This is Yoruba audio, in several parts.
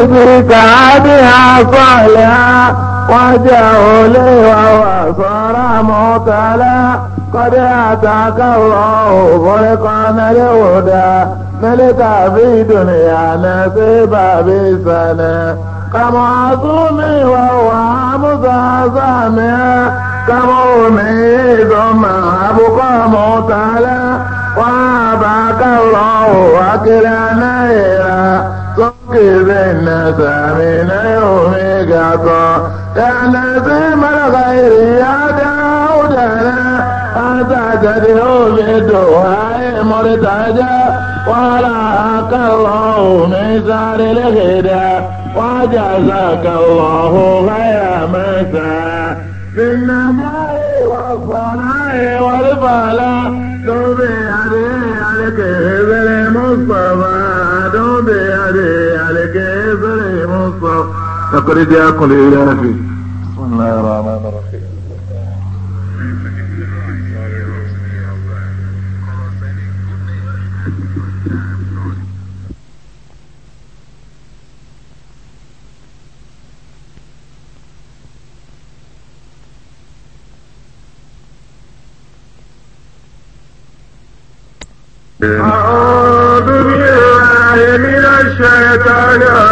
بك عبها صالحا وجعوا لي وصار مبتلا قد اتاك الله خلقا للهدى ملك في دنيا نصيب بسنه كمعصوم وهو متعصم كمؤمن ثم ابقى مبتلا واباك الله وكلا نيرا إذن سمن أمكة كالذي من غير يا داودنا أنت تدعو بالدعاء مرتجى ولا أقره من سار الهدى وجزاك الله خير مسا بالنماء والصلاة والفلاح تبي هدي الكذب المصطفى اقرد يا قل الهي بسم الله الرحمن الرحيم أعوذ بالله من الشيطان الرجيم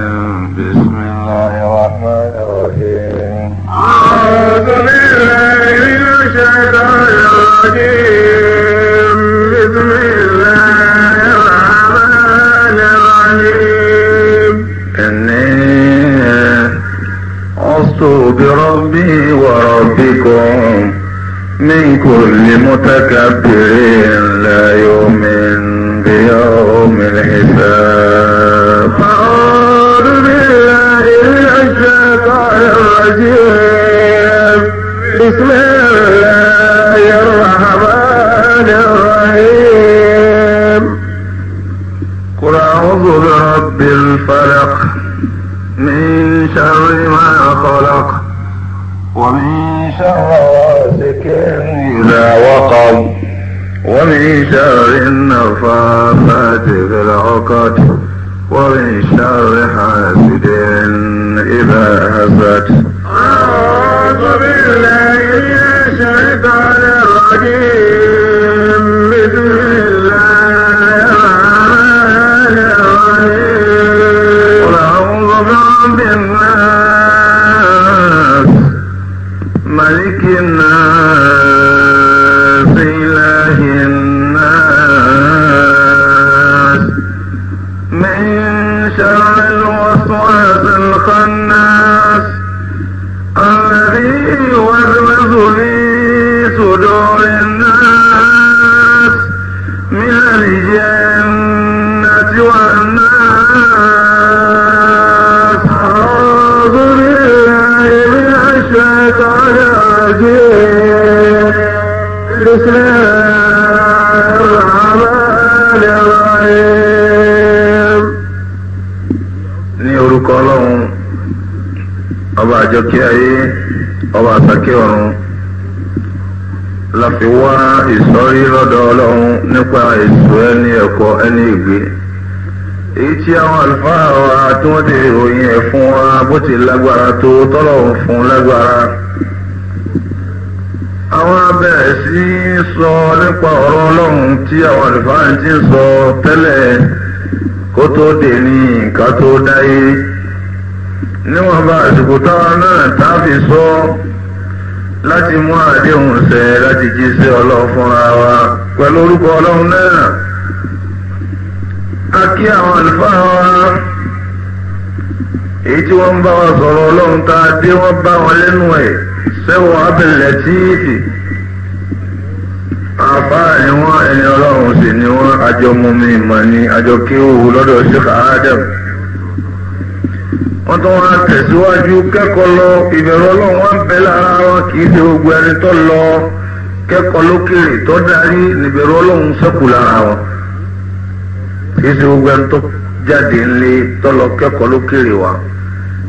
بكم من كل متكبر لا يؤمن بيوم الحساب أعوذ بالله من الشيطان الرجيم بسم الله الرحمن الرحيم قل أعوذ برب الفلق من شر ما خلق ومن شر غاسق إذا وقب ومن شر النفاثات في العقد ومن شر حاسد إذا حسد أعوذ بالله من الشيطان الرجيم orúkọ ẹni ìgbé èyí tí àwọn àlùfáà wa tí wọ́n ti ròyìn ẹ̀ fún wa bó ti lágbára tó tọ́lọ̀ ń fún lágbára àwọn abẹ́rẹ́ sí sọ nípa ọ̀rọ̀ ọlọ́run tí àwọn àlùfáà ti ń sọ tẹ́lẹ̀ kó tó dé ní nǹkan tó dáyé níwọ̀nba àsìkò táwọn náà tá a fi sọ láti mú àdéhùn ṣẹ láti jí sí ọlọ́run fúnra wa pẹ̀lú orúkọ ọlọ́run náà. máa kí àwọn èyí tí wọ́n ń bá wa sọ̀rọ̀ ọlọ́run tá a dé wọ́n bá wọn lẹ́nu ẹ̀ sẹ́wọ̀n abẹ́lẹ̀ tíìfì àfáà ni ẹni ọlọ́run sì ni wọ́n àjọ ni àjọ kéwù lọ́dọ̀ lọ bẹ lára wọn kìí ṣe gbogbo ẹni tó jáde ńlé tọ́lọ kẹ́kọ̀ọ́ lókèrè wa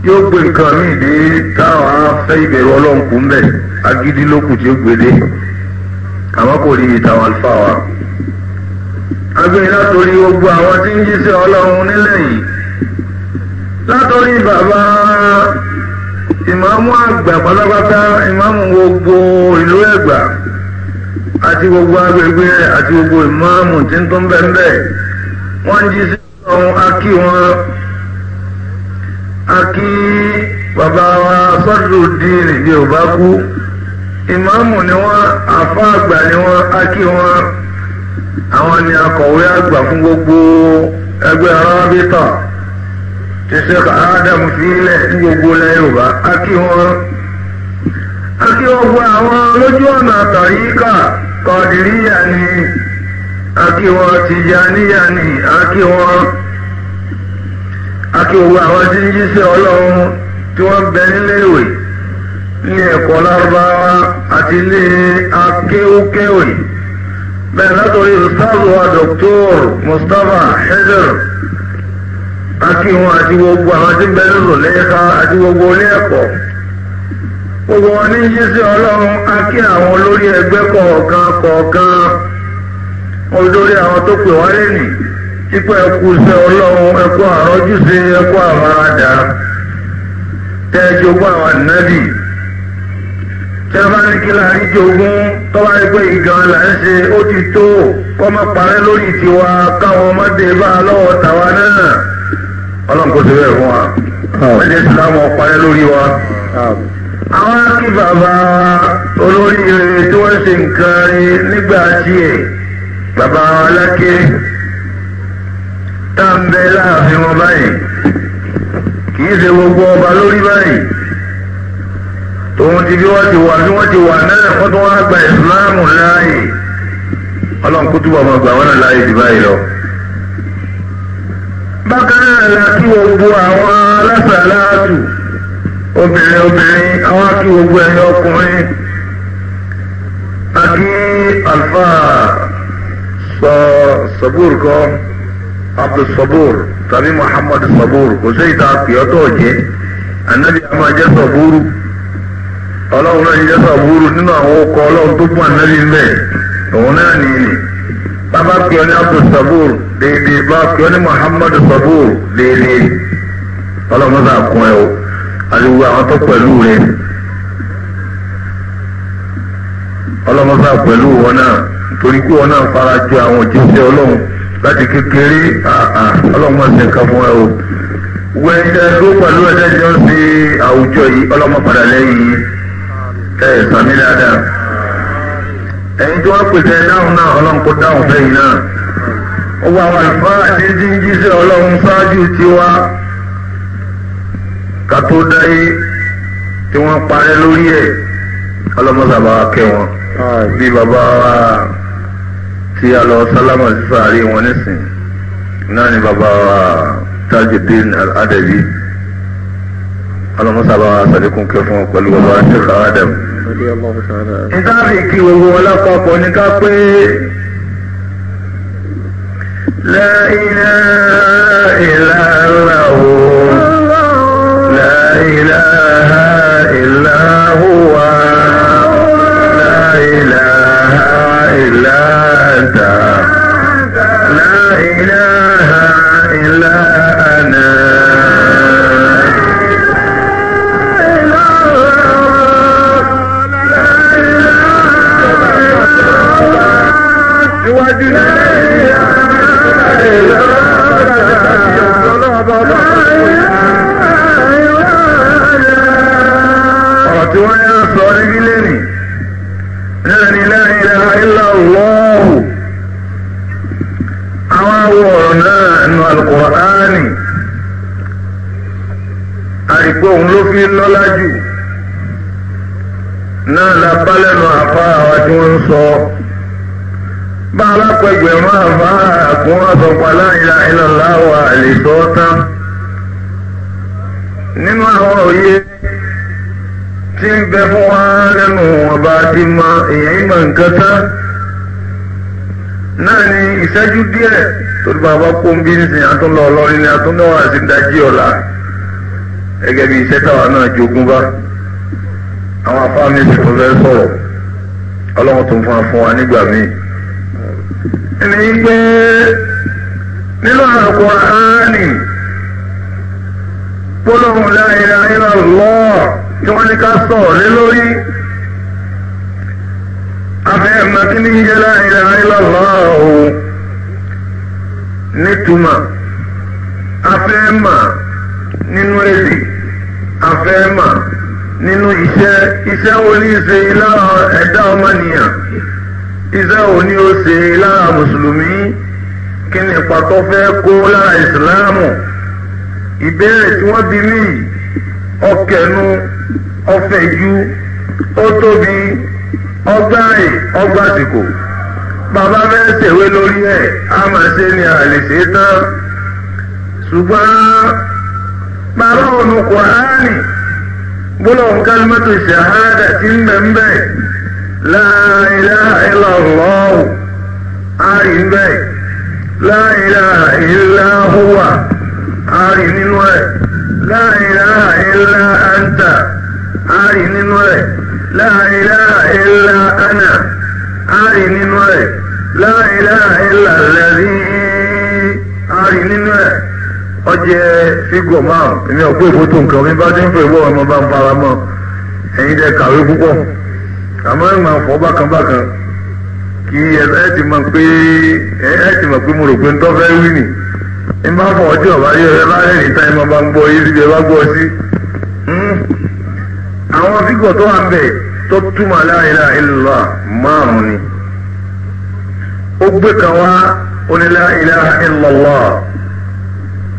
yóò gbé nǹkan míì dé táwọn afẹ́ ìbẹ̀rù ọlọ́run ń bẹ̀ agídí lókù tí ó gbé dé àmọ́ kò ìtàwọn wa. agbẹ́yìn látòrí gbogbo àwọn tí ń ọlọ́run nílẹ̀ yìí látòrí bàbá ìmáàmù àgbà pátápátá gbogbo ìlú àti gbogbo agbègbè àti gbogbo tí ń wọ́n jí sí ọ̀hún akí wọn akí bàbá wa Sadruddin bí ò bá kú ìmáàmù ni wọ́n àfa àgbà ni wọ́n akí wọn àwọn ni akọ̀wé àgbà fún gbogbo ẹgbẹ́ arábítà ti Sheikh Adamu gbogbo ilẹ̀ Yorùbá akí wọn akí wọn gba àwọn lójú ọ̀nà ni. akí wọn Tìjàníyà ni akí wọn akí owó àwọn tí ń jíṣẹ́ ọlọ́run tí wọ́n bẹ nílé ìwé ilé ẹ̀kọ́ lárúbáwá àti ilé akéwúkéwì bẹ́ẹ̀ látọ̀rí ìsáàlù wa dr Mustapha Hezir akí wọn àti gbogbo àwọn tí ń bẹ nílò lẹ́yẹ̀ká àti gbogbo ilé ẹ̀kọ́ gbogbo wọn ní jíṣẹ́ ọlọ́run akí àwọn olórí ẹgbẹ́ kọ̀ọ̀kan kọ̀ọ̀kan olórí àwọn tó pè wá lẹ́nìí pípẹ́ ẹkú iṣẹ́ ọlọ́run ẹkú àrọ́júṣe ẹkú àmàràdà tẹ́ẹ̀jogún àwọn ànábì tí a bá ní kí láàrin jogún tó bá rí pé ìgan là ń ṣe ó ti tó kọ́ má parẹ́ lórí tiwa káwọn ọmọdé bá a lọ́wọ́ tàwa náà ọlọ́run kò sí bẹ́ẹ̀ fún wa wọ́n lè sàmù ọ̀parẹ́ lórí wa àwọn akí bàbá olóríire tí wọ́n ṣe nǹkan rí nígbà tiẹ̀ bàbá wọn lákè tá ń bẹ láàfin wọn báyìí kì í ṣe gbogbo ọba lórí báyìí tòun ti bí wọ́n ti wà bí wọ́n ti wà náà wọ́n tún wá gba ìsìláàmù láàyè ọlọ́run kó túbọ̀ máa gbà wọ́n náà láàyè jù báyìí lọ. bákan náà la kí gbogbo àwọn alásàlátù obìnrin obìnrin àwọn kí gbogbo ẹ̀yọ ọkùnrin àti àlùfáà sọ́bùr kan abdul sọ́bùr tàbí muhammad sọ́bùr kò sí ìta àpèyọ́tọ̀ jẹ́ ànábì àmà jẹ́ sọ́bùrù ọlọ́run náà ń jẹ́ sọ́bùrù nínú àwọn ọkọ̀ ọlọ́run tó fún ànábì mẹ́ òun náà nìyí bàbá pè ọ́ ní abdul sọ́bùr dèdè bá pè ọ́ ní muhammad sọ́bùr dèdè ọlọ́run náà kún ẹ o àlùwò àwọn tó pẹ̀lú rẹ ọlọ́run náà pẹ̀lú wọn náà torí pé wọn náà fara jọ àwọn òjíṣẹ́ ọlọ́run láti kékeré ọlọ́run máa ṣe nǹkan fún ẹ o wẹ́ẹ́dẹ́ ló pẹ̀lú ẹ̀dẹ́ jọ ń ṣe àwùjọ yìí ọlọ́mọ padà lẹ́yìn ẹ̀ sàmì dáadáa ẹ̀yin tí wọ́n pèsè dáhùn náà ọlọ́run kò dáhùn fẹ́yìn náà ó wá wà nípa àdéjì ń jíṣẹ́ ọlọ́run ṣáájú tiwa ká tó dáyé tí wọ́n parẹ́ lórí ẹ̀ ọlọ́mọ sábà kẹ́ bí bàbá wa tí a lọ sálámà sí sàárè wọn nísìn náà ni bàbá wa tajudeen al-adabi alamọ́sábà sàlékún kẹ fún ọ pẹ̀lú bàbá sheikh adam. nítorí kí gbogbo wọn lápapọ̀ ní ká pé la ilaha illallah. أنا fi lọ́lá jù náà la bá lẹ́nu àfa àwa tí wọ́n ń sọ bá alápẹ̀gbẹ̀rún àfa àkún àsọ̀pá láìla ìlọ́láwà lè sọ tán nínú àwọn òye tí ń bẹ fún wa lẹ́nu ọba ti mọ èèyàn ìmọ̀ nǹkan tán náà ni ìṣẹ́jú díẹ̀ tó ti bá wa kó ń bí nísìnyí àtúnlọ́ ọlọ́rin ni àtúnlọ́wà sí dájí ọ̀la gẹ́gẹ́ bí iṣẹ́ táwa náà jogún bá àwọn afáàmì sì tó fẹ́ sọ̀rọ̀ ọlọ́run tó ń fún wa fún wa nígbà míì. ẹni pé nínú Al-Qur'ani gbólóhùn la ilaha illallah tí wọ́n ní ká sọ̀rọ̀ lé lórí afẹ́mọ̀ kí ní jẹ́ la ilaha illallah nítumọ̀ afẹ́mọ̀ fẹ́ mà nínú iṣẹ́ iṣẹ́ wo ní ṣe lára ẹ̀dá ọmọnìyàn iṣẹ́ wo ní ó ṣe lára mùsùlùmí kí ni ipa tó fẹ́ kó lára ìsìláàmù ìbéèrè tí wọ́n bí mí ọkẹ̀nu ọfẹ̀jú ó tóbi ọgbàrè ọgbàsìkò bàbá fẹ́ ṣèwé lórí ẹ̀ á máa ṣe ni àlè ṣe tán ṣùgbọ́n bàbá ònú kò nì gbólóhùn kálímọ́tò ṣàhádà tí ń bẹ̀ ń bẹ̀ la ilaha illallah àárín ń bẹ̀ la ilaha illa huwa àárín nínú ẹ̀ la ilaha illa anta àárín nínú ẹ̀ la ilaha illa ana àárín nínú la ilaha illa allazi àárín nínú jẹ fígò márùn ní ọ̀pọ̀ ìfòtò nǹkan mi bá ti ń fẹ́ wọ́n ọmọ bá ń fara mọ́ ẹ̀yin jẹ́ kàwé púpọ̀ àmọ́ ẹ̀ máa fọ́ bákan bákan kí ẹ ti mọ̀ pé ẹ ti mọ̀ pé mo rò pé ń tọ́fẹ́ wí nì fọ ọjọ́ ọ̀bá yẹ ẹ níta ẹ máa bá ń gbọ́ yé síbi ẹ bá gbọ́ sí. Hmm? àwọn tó wà bẹ̀ tó túmọ̀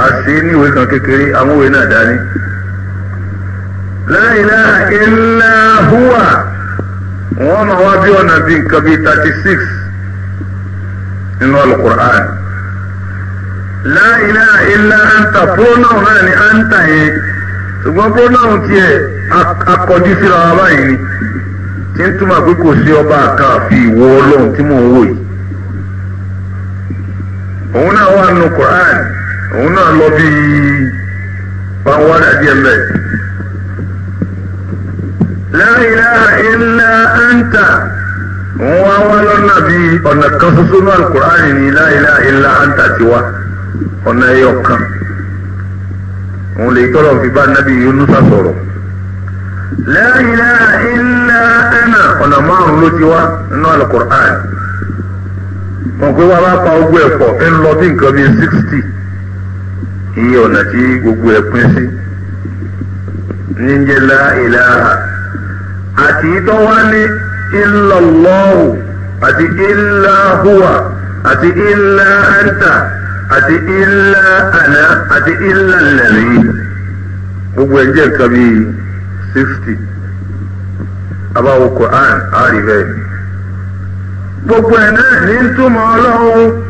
a ṣe ní ìwé kan kékeré àwọn òwe náà dání. La ilaha illa huwa ma wá bí ọ̀nà bíi nǹkan bíi thirty six nínú alukur'an. anta pronoun náà ni anta yẹn ṣùgbọ́n pronoun tiẹ̀ akọjú síra wa báyìí ni tí ń túmọ̀ pé kò sí ọba àkàfi ìwọ ọlọ́run tí mò ń wò yìí. òun náà wà nínú kur'an. òun náà lọ bí pàwọn àdìẹ mẹ. la ilaha illa anta òun wá wá lọ́nà bí ọ̀nà kan ṣoṣo náà alukur'ani ni la ilaha illa anta ti wá ọ̀nà ẹyọ kan òun lè tọ́lọ̀ fi bá nábì Yunus sọ̀rọ̀ la ilaha illa ana ọ̀nà márùn ló ti wá nínú alukur'ani wọn pé wàá bá pa ogun ẹ̀fọ́ ń lọ bí nǹkan bíi sixty iye ọ̀nà tí gbogbo ẹ̀ pín sí níjẹ́ la ilaha àti ìtọ́ wá ní illallahu àti illa àti illa anta àti illa ana àti illa allazi gbogbo ẹ̀ jẹ́ nǹkan bíi sixty abáwo Quran àrífẹ́ gbogbo ẹ̀ náà ní túmọ̀ ọlọ́run.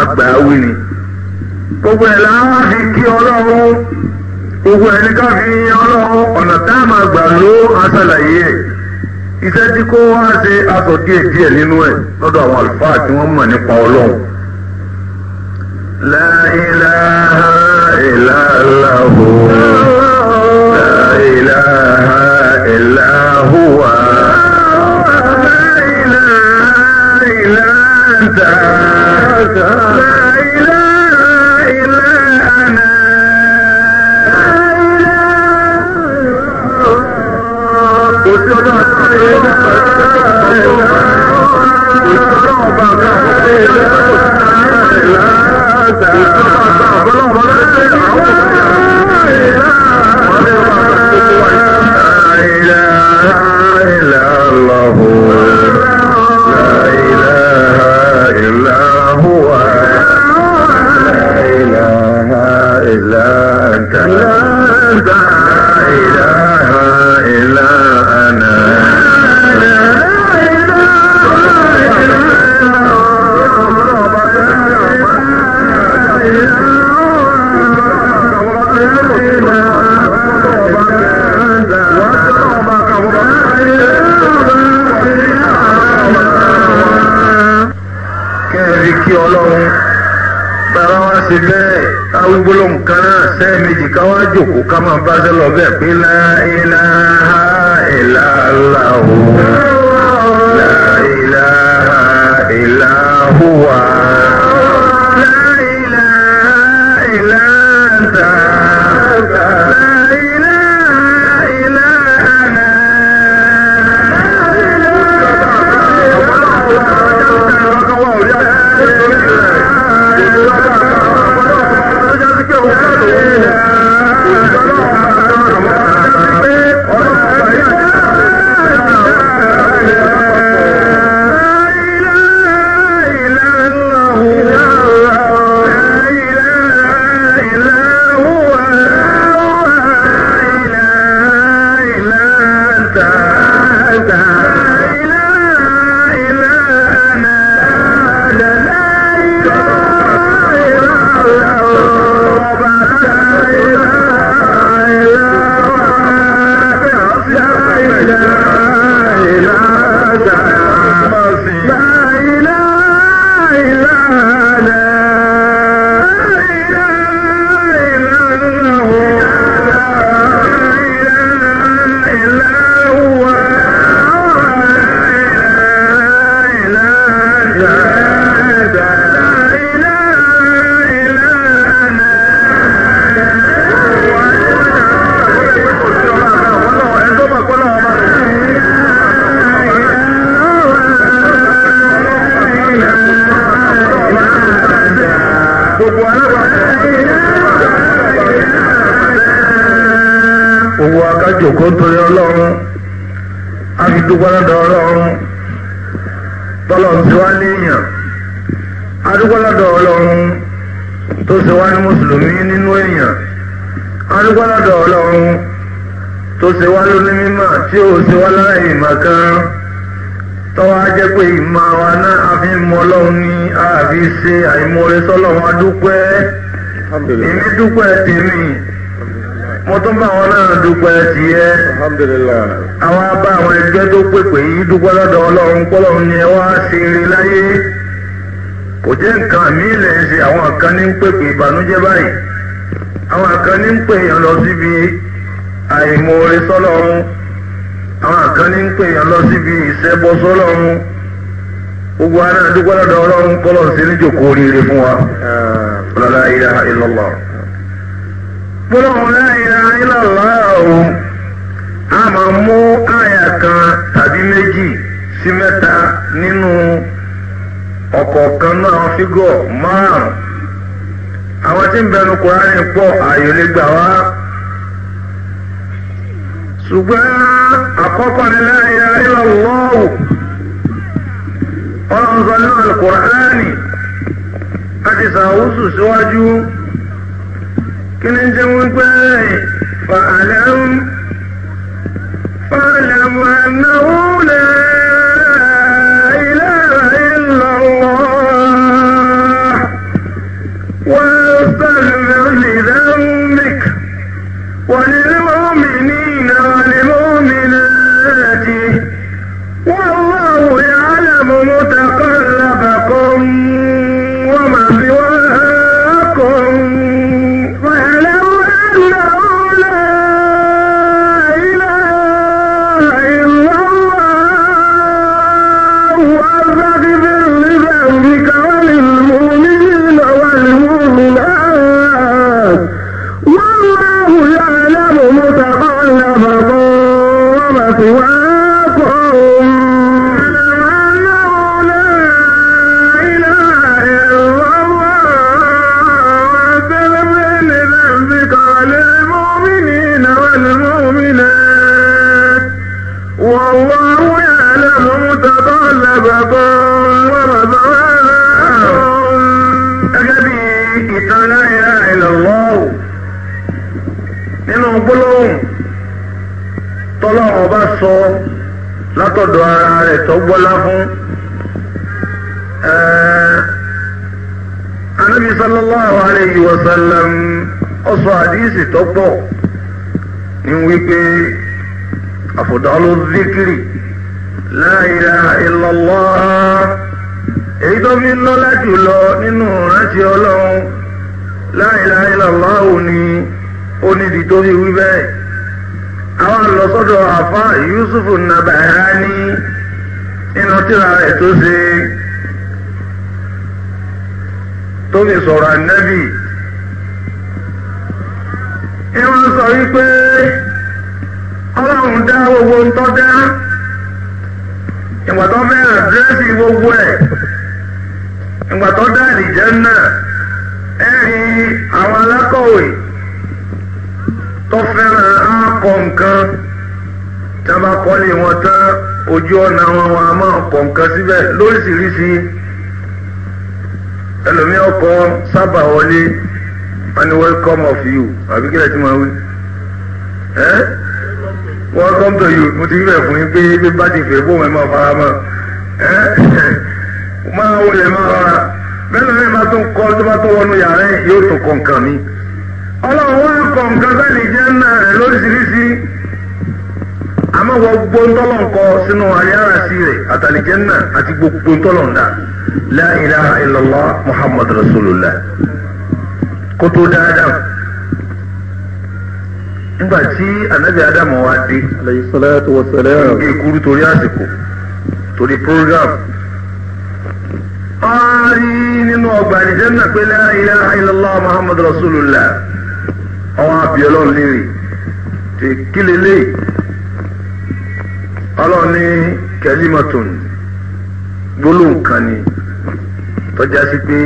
àgbà wí ni. gbogbo ẹ̀ la wá fi kí ọlọ́run gbogbo ẹ̀ ní ká fi ọlọ́run ọ̀nà tá a máa gbà ló aṣàlàyé ẹ̀ iṣẹ́ tí kò wá ṣe aṣọ díẹ̀ díẹ̀ nínú ẹ̀ lọ́dọ̀ àwọn àlùfáà tí wọ́n mọ̀ nípa ọlọ́run. la ilaha illallah. Gracias. máa bá ṣe lọ bẹ́ẹ̀ pé láì ènìyàn arúgbó lọ́dọ̀ ọlọ́run tó ṣe wá mímọ̀ tí ó ṣe wá lára ìmọ̀ kan tọ́wọ́ á jẹ́ pé ìmọ̀ wa náà a fi mọ ọlọ́run ní àfi ṣe àìmọ̀ọ́rẹ́ sọ́lọ́run adúpẹ́ mo tún bá àwọn náà dúpẹ́ àwọn abá àwọn ẹgbẹ́ tó pèpè yìí dúpẹ́ lọ́dọ̀ ọlọ́run ni ẹ wá ṣe eré láyé kò jẹ́ àwọn kan ní àwọn kan ní ń pè yàn lọ síbi àìmoore sọ́lọ́run àwọn kan ní ń pè lọ síbi ìṣẹ́bọ sọ́lọ́run gbogbo ara dúpẹ́ lọ́dọ̀ ọlọ́run kọ́lọ̀ sí níjòkó oríire fún wa lọ́la ilaha illallah. gbọ́dọ̀ la ilaha illallah o a máa mú àyà kan tàbí méjì sí mẹ́ta nínú ọ̀kọ̀ọ̀kan náà fígọ̀ márùn-ún. àwọn tí ń bẹnu kùránì pọ̀ ààyè lè gbà wá ṣùgbọ́n àkọ́kọ́ ni la ilaha illallah ọlọ́run sọ nínú alukùránì láti sàwùsù síwájú kí ni jẹ́ wọ́n pé fa'alam fa'alam annahu la. ولله látọ̀dọ̀ ara rẹ̀ tó gbọ́lá fún anabi sallallahu alayhi wa sallam ó sọ àdíìsì tó pọ̀ ní wípé àfọ̀dọ́lù zikiri la ilaha illallah èyí tó fi ń lọ láti lọ nínú rántí ọlọ́run la ilaha illallah ò tó fi wí bẹ́ẹ̀. àwọn lọ́sọ́dọ̀ afọ Yusuf Nabairani nínú tíra rẹ̀ tó ṣe tó fi sọ̀rọ̀ ànábì sọ wípé ọlọ́run dá gbogbo ń tọ́ dá ìgbà tó gbogbo ẹ̀ ìgbà dá àdìjẹ́ náà ẹ̀rí àwọn alákọ̀wé. tó fẹ́ràn ákọ̀ nǹkan tí kọ́lé wọn tán ojú ọ̀nà wọn wọn a máa kọ̀ nǹkan síbẹ̀ lóríṣiríṣi ẹlòmíì ọkọ̀ sábà wọlé wọn welcome of you àbí kílẹ̀ tí wọ́n wí ẹ́ welcome to you mo ti rí fún yín pé bí bá ti fẹ́ bóun ẹ̀ máa fara mọ́ ẹ́ máa wọlé máa rọra bẹ́ẹ̀ lọ́wọ́ ẹ̀ máa tún kọ́ tó bá tó wọnú yàrá yóò tún kọ̀ nǹkan mi ọlọ́run wá kọ̀ nǹkan sẹ́ni jẹ́ náà rẹ̀ lóríṣiríṣi àmọ́ wọ gbogbo ńtọ́lọ̀ ńkọ sínú ayárasí rẹ̀ àtàlìjẹ́ náà àti gbogbo ńtọ́lọ̀ ńdà la ilaha illallah muhammadu rasulullah kótó dáadáa nígbà tí anabi adamu wa dé alayhi salatu wa salam ekuru torí àsìkò torí program a rí nínú ọgbà àdìjẹ́ náà pé la ilaha muhammadu rasulullah ọwọ́ àbí ọlọ́run léèrè tè kí lélẹ̀ ọlọ́run ní kẹlímọ̀tún gbólóhùn kan ni tọ́já sí pé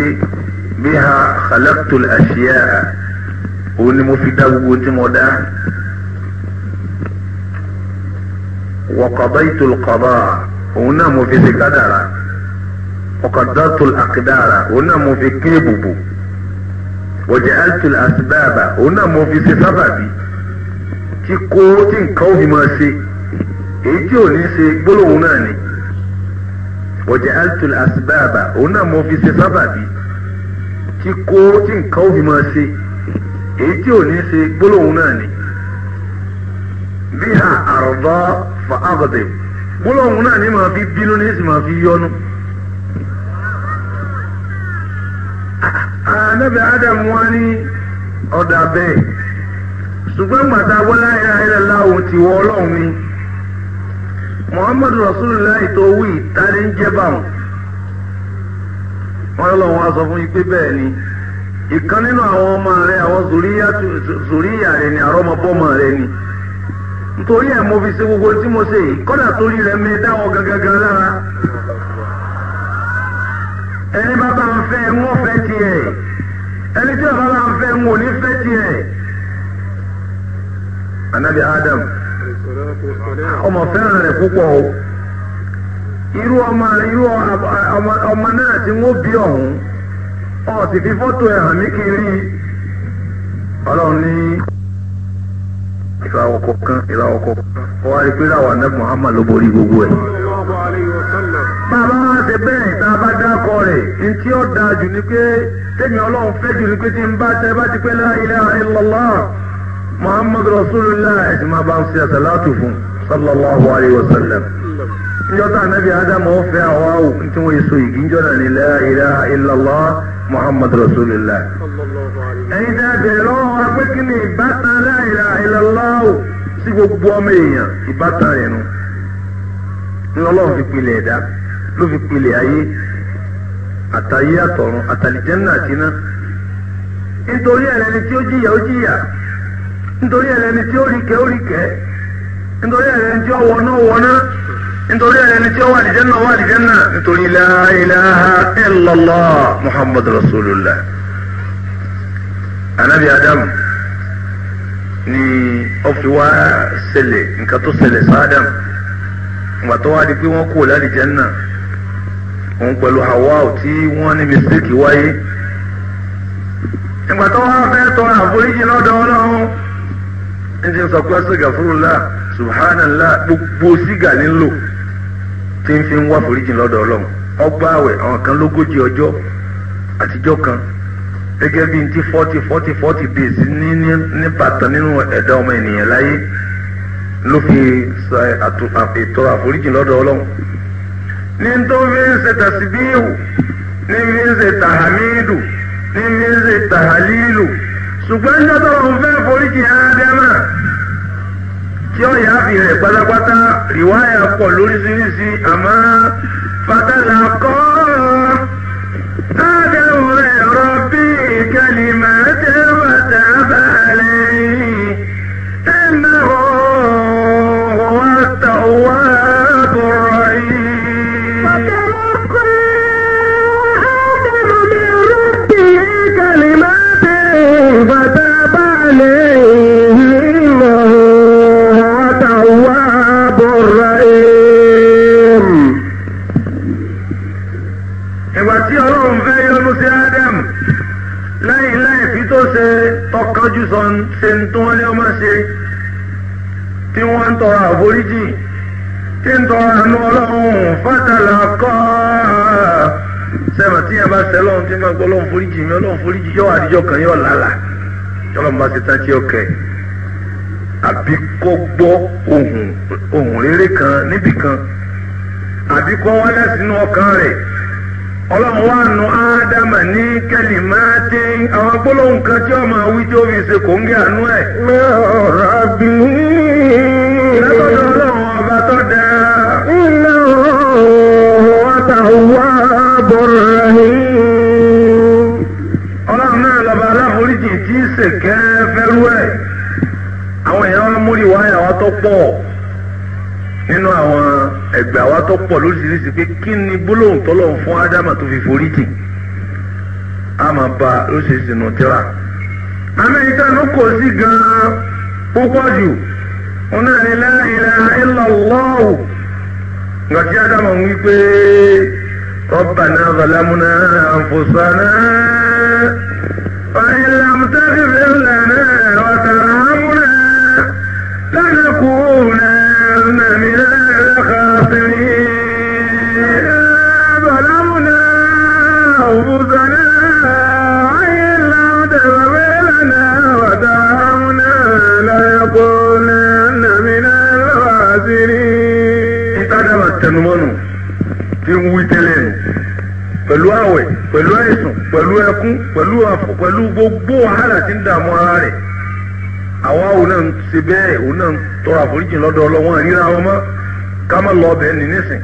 biha khalaqtul ashiya òun ni mo fi dá gbogbo tí mo dá wa qadaytul qada òun náà mo fi ṣe kádàrà wa qaddartul òun náà mo fi kí èbùbù waja'altu al-asbaba òun náà mo fi ṣe sábàbí tí kó tí nǹkan ó fi máa ṣe èyí tí ò ní ṣe gbólóhùn náà ni waja'altu al-asbaba òun náà mo fi ṣe sábàbí tí kó tí nǹkan ó fi máa ṣe èyí tí biha àrùbọ́ fa aghdib gbólóhùn náà ni màá fi bínú ní sì màá fi yọnu. anabi adam wa ní ọ̀dà ṣùgbọ́n gbàtà wọlé ayélujára òun ti wọ ọlọ́run ni muhammadu rasulillah tó wí tani ń jẹ́ báwọn wọn lọ́wọ́ wọn sọ fún yín pé bẹ́ẹ̀ ni ìkan nínú àwọn ọmọ rẹ àwọn zòríyà rẹ ni àrọ́mọbọ́mọ rẹ ni nítorí ẹ̀ mo fi ṣe gbogbo tí mo ṣe kọ́dà torí rẹ mi dáwọ́ gangan lára ẹni bá bá ń fẹ́ ń wọ́n fẹ́ tiẹ̀ ẹni tí bàbá bá ń fẹ́ ní fẹ́ tiẹ̀. anabi adam ọmọ fẹ́ràn rẹ̀ púpọ̀ o irú ọmọ irú ọmọ náà tí wọ́n bí ọ̀hún ọ̀ fi fọ́tò ẹ̀ hàn mí kiri kan ìlà kan wọ́n á rí pé bàbá wa ṣe bẹ́ẹ̀ tá a bá dákọ rẹ̀ ntí ó da jù ni pé tẹ̀mí ọlọ́run fẹ́ jù ni pé tí n bá tẹ bá ti pé la ilaha illallah muhammadu rasulullah ẹ̀sìn máa bá ń ṣe àṣàlátù fún sallallahu alayhi wa sallam njọta anabi adamu ọfẹ awa o ntí wọn èso igi njọta ni la ilaha illallah muhammadu rasulullah ẹ̀yin tẹ́ bẹ̀rẹ̀ lọ́wọ́ wa pé kí ni ìbátan la ilaha illallah o sí gbogbo ọmọ èèyàn ìbátan rẹ̀ nù ńlọ́lọ́run fi pilẹ̀ ẹ̀dá ló fi pilẹ̀ ayé àtayé àtọ̀run àtàlìjẹ́nà àtiná nítorí ẹlẹ́ni tí ó jìyà ó jìyà nítorí ẹlẹ́ni tí ó ríkẹ́ ó ríkẹ́ nítorí ẹlẹ́ni tí ó wọná wọná nítorí ẹlẹ́ni tí ó wà àlìjẹ́nà wà àlìjẹ́nà nítorí la ilaha illallah muhammadu rasulullah anabi adamu ni ó fi wá ṣẹlẹ̀ nǹkan tó ṣẹlẹ̀ sí ìgbà tó wá di pé wọ́n kú láti Janna òun pẹ̀lú Hawau tí wọ́n ní mistake wáyé ìgbà tó wá fẹ́ tọrọ àforíjì lọ́dọ̀ Ọlọ́run ń ti sọ pé ṣe gàfúrúlá subhanallah gbogbo sígà nílò tí ń fi ń wá àforíjì lọ́dọ̀ Ọlọ́run ọgbà àwẹ̀ àwọn kan lógójì ọjọ́ àtijọ́ kan gẹ́gẹ́ bíi ti forty forty forty days ní ní nínú ẹ̀dá ọmọ ènìyàn láyé ló fi ìtọrọ àforíjì lọ́dọ̀ ọlọ́run ní tó fi ń ṣe tàṣíbíhù ní fi ń ṣe tàhámídù ní fi ń ṣe tàhálílù ṣùgbọ́n ní ọjọ́ òun fẹ́ foríjì ádámà tí ó yà á fi rẹ̀ pátápátá rìwáyà pọ̀ lóríṣiríṣi àmọ́ fatala kọ́ ádámù rẹ̀ rọ bí ìkẹlì mẹ́tẹ́. sọ ṣe ń tó lé ọmọ ṣe tí wọ́n ń tọrọ àforíjì tí ń tọrọ àánú ọlọ́run fátàlà kọ́ sẹ́mà tí yẹn bá sẹ́ lọ́run tí máa gbọ́ ọlọ́run foríjì mi ọlọ́run foríjì yọ àdíjọ́ kan yọ làálà ọlọ́run bá ṣe tá tí ọkẹ́ àbí kọ́ gbọ́ ohùn rere kan níbì àbí kọ́ wálẹ̀ sínú ọkàn rẹ̀ ọlọ́run wá nu ádámà ní kẹlìmá tí àwọn gbólóhùn kan tí ọmọ wí tí ó fi ṣe kò ń gé àánú ẹ̀. lọ́ọ̀rọ̀ bí. ìlàtọ̀dọ̀ ọlọ́run ọba tó dáa. ilé ọ̀hún àtàwọn bọ̀rọ̀ rahim. ọlọ́run náà lọ́ba aláforíjì tí ń ṣèkẹ́ fẹ́rú ẹ̀. àwọn èèyàn múrí wáyà wọn tó pọ̀ nínú àwọn ẹgbẹ́ àwa tó pọ̀ lóríṣiríṣi pé kí ni gbólóhùn tọ́lọ́hùn fún ádámà tó fi forí jì á máa ba lóríṣiríṣi nù tíra. amẹ́ríkà ló kò sí gan-an púpọ̀ jù òun náà ni la ilaha illallah gbàtí ádámà ń wí pé rabbana zalamna anfusana wa in lam taghfir lana. tẹnumọ́nù tí ń wí tẹ́lẹ̀ nù pẹ̀lú àwẹ̀ pẹ̀lú àìsàn pẹ̀lú ẹkún pẹ̀lú àfọ pẹ̀lú gbogbo wàhálà tí ń dààmú ara rẹ̀ àwa òun náà ń ṣe bẹ́ẹ̀ òun náà ń tọrọ àforíjì lọ́dọ̀ ọlọ́wọ́n àríra wọn mọ́ ká má lọ ọbẹ̀ ní nísìn.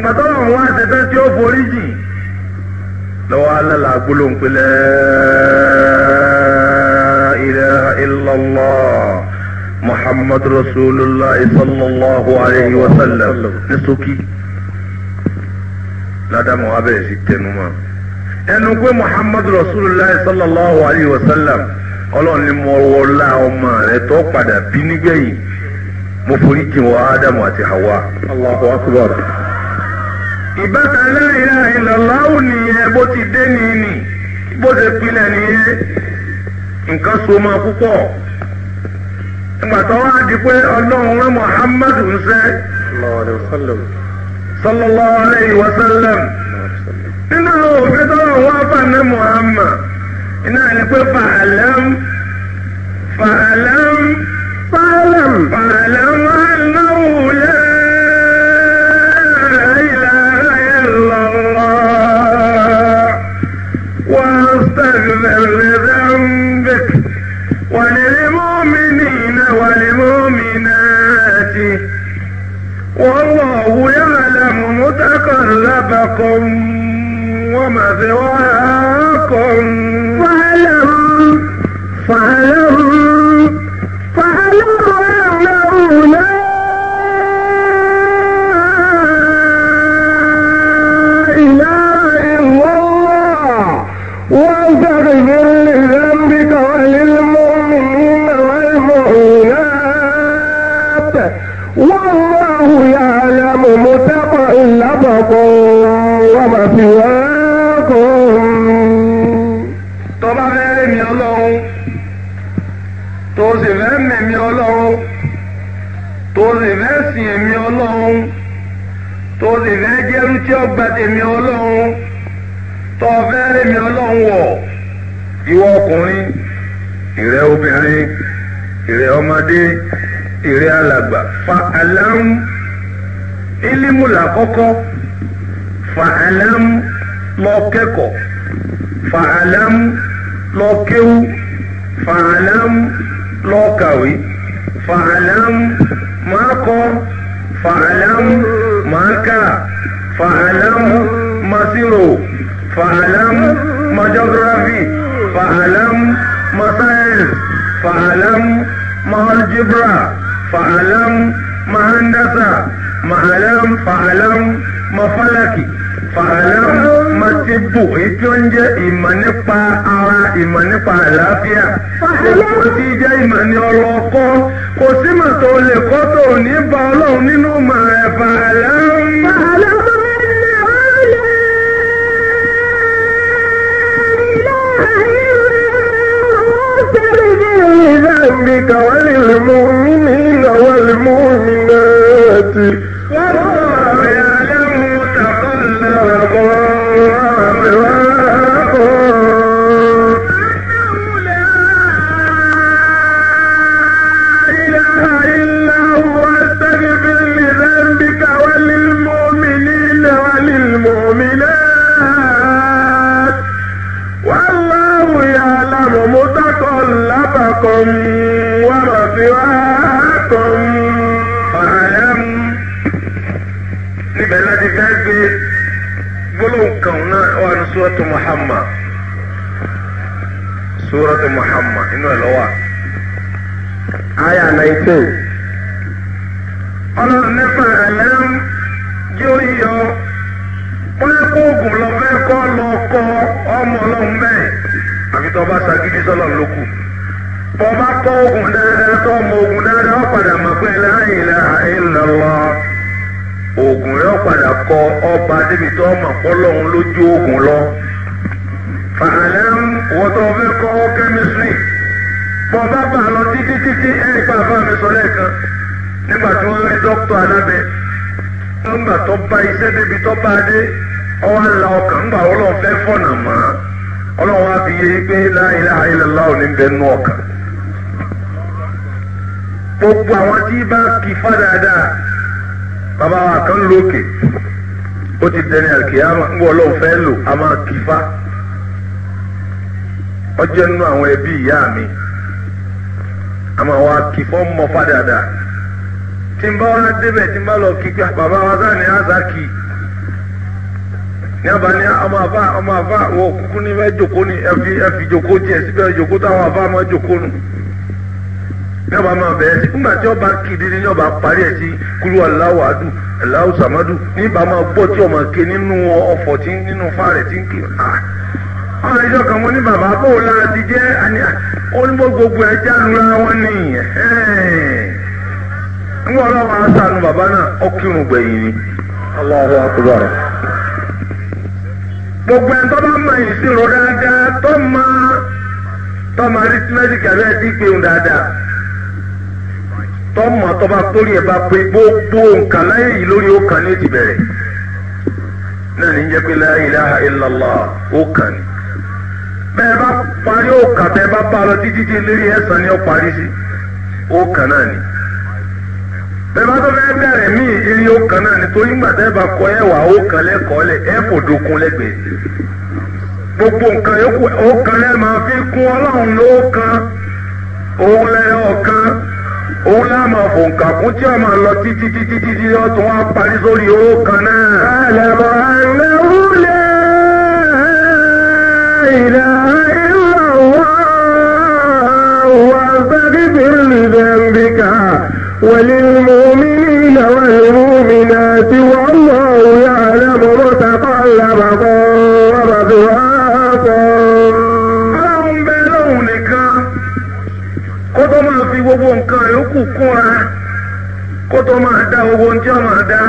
gbàtọ́rọ̀ àwọn àṣetán tí ó foríjì lọ́wọ́ alálà gbólóhùn pé la ilaha محمد رسول الله صلى الله عليه وسلم نسوكي لا دم أبي ستنما ẹnu محمد رسول الله صلى الله عليه وسلم ọlọ́run ni mo wọlá ọmọ rẹ tó padà bí nígbẹ̀yìn mo forí jìn wọ ádámù àti hawa. Allahu akbar. ìbátan la ilaha illallah bó ti dé nìyí bó ṣe pilẹ̀ nìyẹn nǹkan so máa púpọ̀. ìgbàtọ́ wá di pé ọlọ́run rán muhammadu ń sẹ́ sallallahu alayhi wa sallam nínú òfin tọ́lọ̀ wá fà ní muhammad iná ni pé fàálẹ́m fàálẹ́m fàálẹ́m fàálẹ́m aláwù lẹ́ ilaha illallah wàá sẹ́gbẹ̀rẹ̀ dẹ́mbẹ̀ wà ní والمؤمنات والله يعلم متقلبكم ومثواكم ọlọ́run nínú mọ̀ kà lọ títí títí ẹnì pa àbá mi sọ lẹ́ẹ̀kan nígbà tí wọ́n rí dókítà alábẹ́ nígbà tó bá iṣẹ́ débi tó bá dé ọwọ́ la ọkàn ńgbà ọlọ́run fẹ́ fọ̀nà mọ́ ọlọ́run á fi yé pé la ilaha illallah ní bẹ́ẹ̀ nú ọkàn gbogbo àwọn tí bá kí fa dáadáa bàbá wa kan lókè ó ti dẹni àkìyàmà ń wọ lọ́wọ́ fẹ́ lò a máa kí fa ọjọ́ nínú àwọn ẹbí ìyá mi àmọ́ wa kì fọ́ mọ́ fàdàdà tí n bá wá débẹ̀ tí n bá lọ kí bàbá wa sáà ní azaki ní abàní ọmọ àbá ọmọ àbá wọ kúkú ní bẹ́ẹ̀ jòkó ní ẹfi ẹfi jòkó tiẹ̀ síbẹ̀ jòkó táwọn àbá máa jòkó nù ní ọba máa bẹ̀rẹ̀ sí nígbà tí ọba kìdí ní ọba parí ẹ̀ sí kúlú aláwọ̀ adù aláwọ̀ sàmádù ní ìbá máa tí ọmọ ké nínú ọ̀fọ̀ tí nínú fáàrẹ̀ tí ń kí ọ̀hán. Ah. ọ̀rọ̀ ìjọ kan mo ní bàbá bò lára ti jẹ́ onígbò gbogbo wọn ni nígbà ọlọ́run á sànù bàbá náà ó kírun gbẹ̀yìn ni. aláwọ̀ àkùrọ̀ rẹ̀. gbogbo ẹ̀ tó bá mọ ìṣirò dáadáa tó mọ tó mọ kàbí ẹ̀ gbéhùn dáadáa tó mọ tó bá torí ẹ̀ bá gbogbo nǹkan láyé yìí lórí ó kàn ní ìdìbẹ̀rẹ̀ náà ní jẹ́ bẹ́ẹ̀ bá parí òkà bẹ́ẹ̀ bá bá lọ títí tí eléré ẹ̀sán ni ó parí sí òkà náà ni bẹ́ẹ̀ bá tó fẹ́ bẹ̀rẹ̀ míì eré òkà náà ni torí ńgbà tẹ́ bá kọ ẹ̀wà òkà lẹ́kọ̀ọ́ lẹ̀ ẹ̀ fòdókun lẹ́gbẹ̀ẹ́ gbogbo nǹkan yòókù òkà lẹ́ máa fi kún ọlọ́run ló òun lẹ́yọ̀ kan òun náà máa fò nǹkan kún tí a máa lọ títí títí títí ọ̀tún wá parí sórí òkà náà. إله إلا الله واستغفر لذنبك وللمؤمنين والمؤمنات والله يعلم متقلبكم ومثواكم ọlọ́run bẹ́ẹ̀ lọ́hùn nìkan kó tó máa fi gbogbo nǹkan yòókù kúnra kó tó máa dá owó tí ó máa dá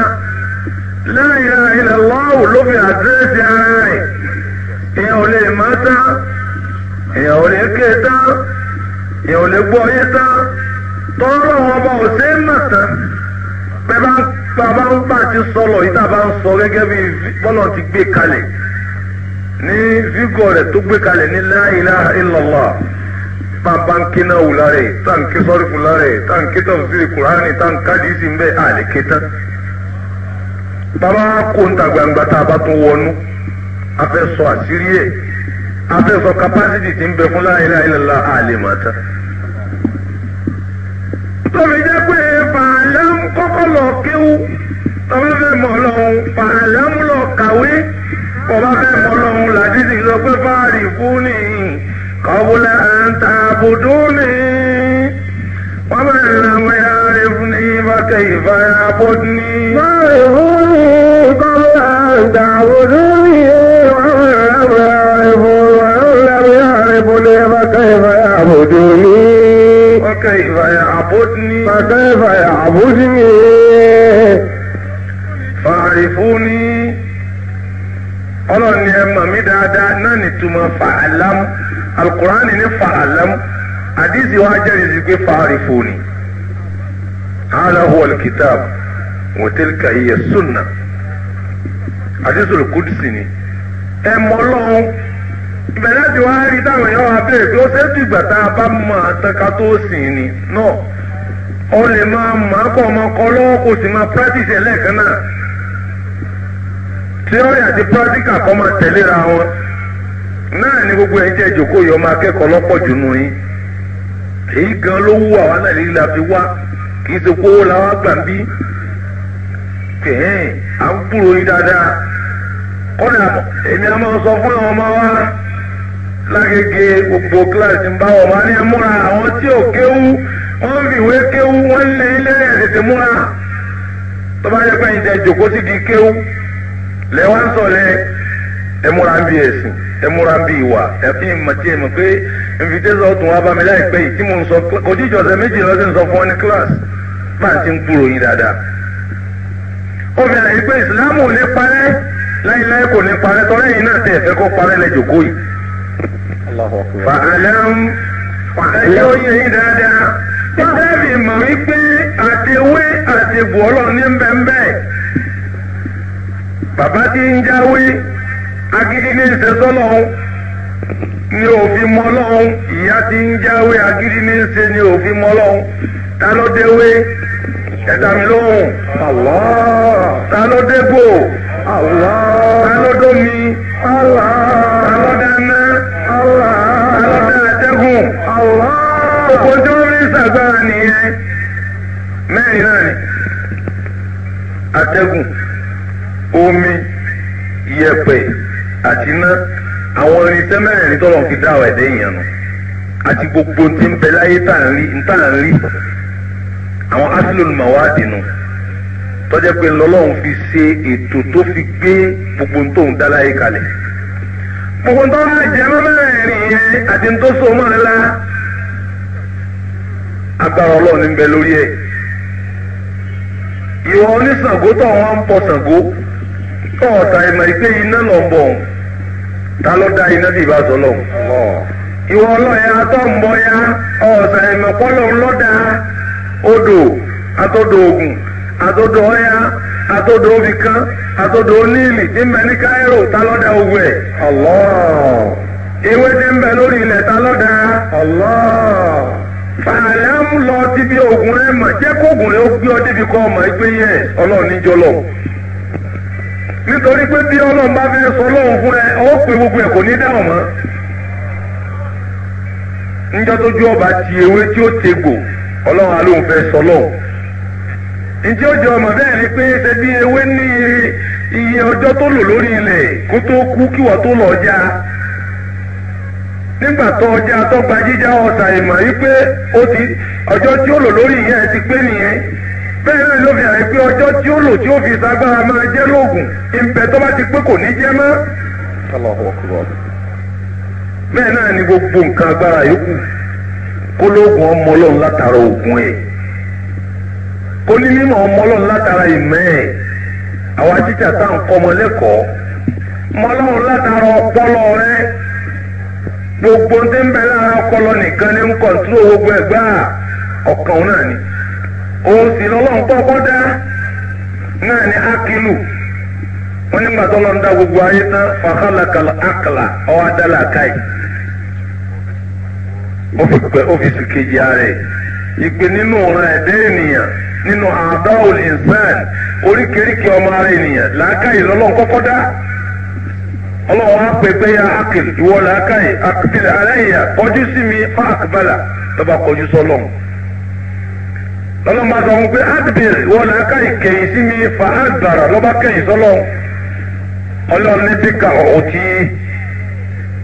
la ilaha illallah ló fi àdírẹ́sì ara rẹ̀. èèyàn ò lè mọ̀ tán èèyàn ò lè ké tán èèyàn ò lè gbọ́ yé tán tọ́lọ́ ọba ò sí tán bá ń sọ̀rọ̀ yìí tá a bá ń sọ bí bọ́lọ̀ gbé kalẹ̀ ní fígọ̀ rẹ̀ tó gbé kalẹ̀ ní la ilaha náà wù táǹkì táǹkì kùránì táǹkà tán. bàbá kò ń afẹ́ sọ àṣírí ẹ̀ afẹ́ sọ kapásítì tí ń bẹ fún láàyè láàyè lọ́la àlè máa ta. tóbi jẹ́ pé fàálẹ́ ń kọ́kọ́ lọ kéwú tọ́ba fẹ́ mọ̀ lọ́hùn fàálẹ́ ń lọ kàwé tọ́ba fẹ́ mọ̀ lọ́hùn làdídì lọ pé fáàrí fún ni kọ́bùlẹ̀ àǹtà àbùdó ni wọ́n bẹ̀rẹ̀ làwọn ya rẹ̀ fún ni bàtẹ́ ìfàyà bọ́dún ni. báyìí fún mi kọ́bùlẹ̀ àǹtà àbùdó ni o. يعرفون وإن لم يعرفني فكيف يعبدوني فكيف يعبدني فكيف يعبدني فاعرفوني ọlọ́run ni ẹ mọ̀ mí dáadáa náà nìtumọ̀ fàálàm alukurani ní fàálàm àdìsí wa jẹ́rìí sí pé fàárifóni hàlà huwa alkitab wa tilka hiya sunna àdìsí olùkúdùsì ni. ẹ̀mọ́ lọ́hún ibẹ̀ láti wá rí táwọn èèyàn wá bèèrè pé ó ṣe é tá a bá mọ àtẹ̀ka tó sìn ni náà ọ lè máa mọ̀ ọmọ lọ́wọ́ kò sì máa náà àti kọ́ máa tẹ̀léra wọn náà ni gbogbo yọ máa kẹ́kọ̀ọ́ lọ́pọ̀ jù nù yín èyí gan ló wú àwa náà fi wá kì í ṣe kówó kódà èmi a máa sọ fún àwọn ọmọ wa lágége gbogbo kíláàsì ń bá wọn máa ní múra àwọn tí ò kéwú wọ́n fi ìwé kéwú wọ́n lé ilé ẹ̀ tètè múra tó bá yẹ pé ìjà ìjòkó sì kì í kéwú lẹ́wọ́n sọ̀lẹ̀ ẹ múra ń bí ẹ̀sìn ẹ múra ń bí ìwà ẹ fi mọ̀ tí ẹ mọ̀ pé invitation ọ̀tún wa bá mi láìpẹ́ yìí tí mo ń sọ kò tí ìjọsẹ̀ méjì lọ́sẹ̀ ń sọ fún ọ ní kíláàsì máa ti ń kúrò yín dáadáa. ó fi hàn pé ìsìlámù ò lè parẹ́ láíláí kò ní parẹ́ tọ́lẹ́ yìí náà ti ẹ̀fẹ́ kó parẹ́ lẹ jòkó yìí. fàlẹ́rù ẹ̀yẹ́ oyè yìí dáadáa ìtẹ́ẹ̀bì mọ̀ wípé àtiwé àtibù ọlọ́run ní bẹ́ẹ̀ bàbá tí ń jáwé agídí ní ṣe sọ́lọ́run ni òfin mọ́ ọlọ́run ìyá tí ń jáwé agídí ní ṣe ni òfin mọ́ ọlọ́run ta ló déwé ẹ̀dá mi lóhùn ta ló débò. Ala, Alọ́dọ̀ mi. Allah. Alọ́dọ̀ aná. Allah. Alọ́dọ̀ omi, iyẹ̀pẹ̀, àti iná. Àwọn irinṣẹ́ mẹ́rin tọ́lọ̀ fi dá àwọn ẹ̀dẹ́ nù. Àti gbogbo ti ń bẹ láyé nri awọn rí, àwọn tọ́jẹ́ pé lọ́lọ́run fi ṣe ètò tó fi gbé gbogbo tóun dá láyé kalẹ̀. gbogbo tó ń jẹ mẹ́rẹ̀ẹ̀rin yẹn àti tó so mọ́ ẹ la agbára ọlọ́run ń bẹ lórí ẹ̀. ìwọ oníṣàngó tó wọn ń pọ ṣàngó tó ọ̀tà ìmọ̀ ìgbé iná lọ bọ̀ ta ló dá iná bí ìbáṣọ lọ. ìwọ ọlọ́ya tó ń bọ ya ọ̀sà ìmọ̀pọ́lọ́ ńlọ́dà odò atọ́dọ̀ ogun. atọdọ ọya atọdọ obì kan atọdọ oníìlì tí ń bẹ ní Cairo tálọ́dà ẹ̀. ewé tí ń bẹ lórí ilẹ̀ tálọ́dà. fàlẹ́mù lọ síbi ogun rẹ mọ̀ jẹ́ kóògùn rẹ ó gbé ọ débi kọ́ ọmọ ẹgbẹ́ yẹn ọlọ́run níjọ lọ nítorí pé bí ọlọ́run bá sọ fún ẹ gbogbo ẹ kò ní dáhùn mọ́ ọba ti ewé tí ó ọlọ́run alóhùn fẹ́ ǹjẹ́ ó jọ ọmọ bẹ́ẹ̀ ni pé ṣebí ewé ní iye ọjọ tó lò lórí ilẹ̀ kó tó kú kí wọ́n tó lọ ọjà nígbà tó ọjà tó gba jíjá ọ̀sà ìmọ̀ yìí pé ó ti ọjọ́ tí ó lò lórí ìyẹn ti pé nìyẹn bẹ́ẹ̀ náà ló fi pé tí ó lò tí ó fi sagbára máa lóògùn tó bá ti pé kò ní náà ni gbogbo nǹkan agbára yòókù kó lóògùn ọmọ látara òògùn kó ní mímọ̀ ọmọ ọlọ́run látara ìmọ̀ ẹ̀ àwa jíjà tá à ń kọ́ ọmọ ọpọlọ rẹ gbogbo ndé ń lára ọpọlọ nìkan ní ń kọ̀ǹtúrò gbogbo ẹ̀gbá ọ̀kan náà ni òun sì lọ́lọ́run kọ́kọ́ dá náà ni nígbà tó gbogbo ayé tán àkàlà adálà káyì ó fi ó fi kejì ara ìpè nínú nínú àdáwò ìnsán oríkèéríkèé ọmọ ara ènìyàn làákàyè lọ́lọ́run kọ́kọ́ dá ọlọ́run á pè pé ya akil ìwọ làákàyè akil aláìyá kọjú sí mi fa àkàbàlà lọ́ba kọjú sọ́lọ́run lọ́lọ́run bá sọ fún pé adbir ìwọ làákàyè kẹ̀yìn sí mi fa àgbàrà lọ́ba kẹ̀yìn sọ́lọ́run ọlọ́run ní bí ka ọ̀tí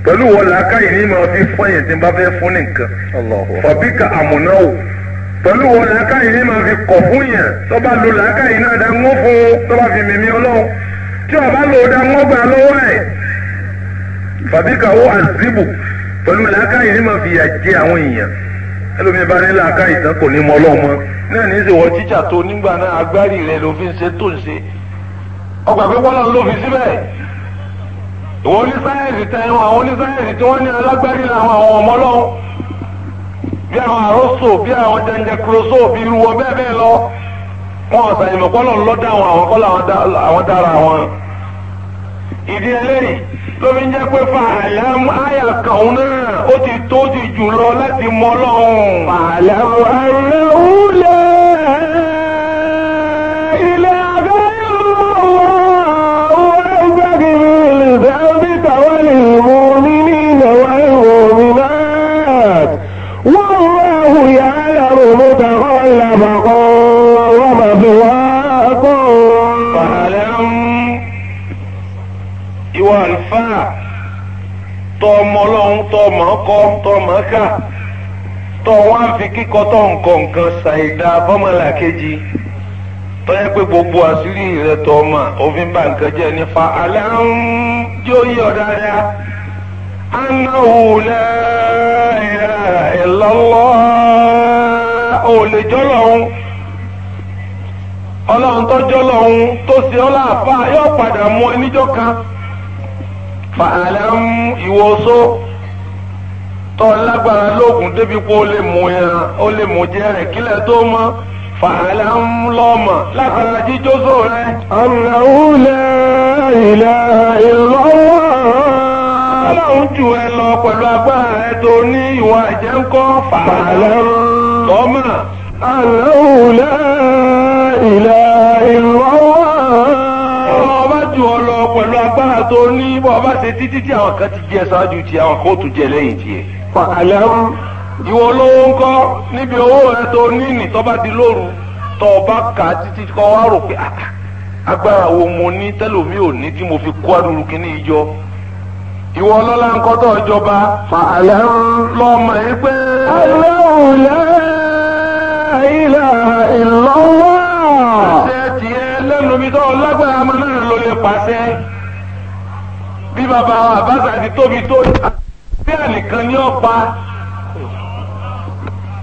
pẹ̀lú ìwọ làákàyè ní ma fi fọyín tí n bá fẹ́ fún nìkan fàbíkà àmúnáwò. pẹ̀lú wọn làákàyè ni fi kọ̀ fún yẹn sọba lo làákàyè náà dá sọba fún tọ́ba fi mímí ọlọ́run tí ọba dá gbà lọ́wọ́ ẹ̀ fàbíkàwó àzíbù pẹ̀lú làákàyè ni ma fi yà àwọn èèyàn ẹlòmíín bá ní làákàyè tán kò mọ mọ́ náà ní í ṣe wọ́n tó nígbà náà agbárí rẹ̀ ló fi ń ṣe tó ń ṣe ọgbà pé wọ́n lọ bí àwọn àrọ́sọ bí àwọn jẹnjẹkúrọ́sọ bí irú wọn bẹ́ẹ̀ bẹ́ẹ̀ lọ wọn ọ̀sán ìmọ̀ kọ́ lọ́n lọ́dọ̀ àwọn àwọn kọ́ làwọn dára wọn. ìdí ẹlẹ́yìn ló fi ń jẹ́ pé fàlẹ́mù àyà kan náà ó ti tó ti jù lọ láti mọ́ lọ́hùn. fàlẹ́mù àyà òun lẹ́ẹ̀. tọ́ ọmọ kọ́ tọ́ ọmọ kà tọ́ wọn á fi kíkọ́ tọ́ nǹkan nǹkan ṣàìdá bọ́mọlà kejì tọ́yẹ́ pé gbogbo àṣírí rẹ̀ tọ́ ọmọ òfin bá nǹkan jẹ́ nípa alẹ́ ń jó yọ̀ dáadáa anáwó lẹ́yìn ẹ̀ lọ́lọ́ ò lè jọ́lọ̀ ń ọlọ́run tó jọ́ lọ́hún tó ṣe ọ́ yóò padà mú ẹ níjọ́ kan fàálà ń ìwọ só tọ́ lágbára lóògùn débi pé ó lè mú ẹran ó lè mú jẹrẹ kílẹ̀ tó mọ́ fàhálà ń lọ́mọ̀ látara jíjó sóò rẹ. Allahu la ilaha illallah. Ọlọ́run jù ẹ lọ pẹ̀lú agbára rẹ tó ní ìwà ìjẹ́ńkọ́ fàhálà lọ́mọ̀. Allahu la ilaha illallah. ọba jù ọlọ lọ pẹ̀lú agbára tó ní ọba ṣe títí tí àwọn kan ti jẹ ṣáájú tí àwọn kan ó tún jẹ lẹ́yìn tiẹ̀. fàlẹ́ ń. ìwọ ń kọ́ níbi owó rẹ tó ní ní tọ́ba di lóru tọ́ ah, mo ní ò ní tí mo fi kó àdúrú kínní ìjọ ìwọ ń ìjọba. fàlẹ́ lẹ́nu mi tó lágbára mọ́ náà ló lè pàṣẹ bí bàbá àbáṣà ti tóbi tó bí ànìkan ní ọ̀pá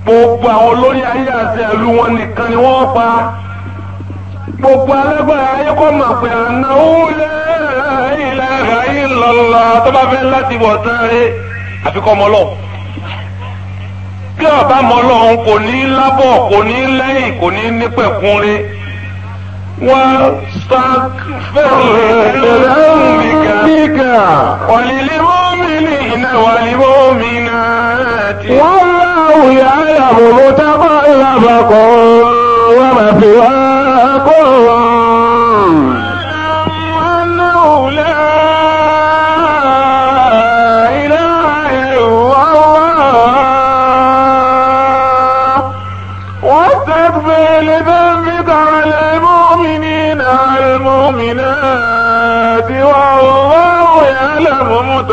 gbogbo àwọn olórí ayé àti ẹ̀lú wọn nìkan ni wọ́n pa gbogbo alágbára ayé kọ́ mà pé àná ó lẹ́ ilẹ̀ ayé ńlọ́lọ́ tó bá fẹ́ láti wọ̀ tán rẹ̀ àfikọ́ ọmọ ọlọ́run bí ọba mọ́ ọlọ́run kò ní lábọ̀ kò ní lẹ́yìn kò ní nípẹ̀kúnrin. واستغفر لذنبك وللمؤمنين والمؤمنات والله يعلم متقلبكم ومثواكم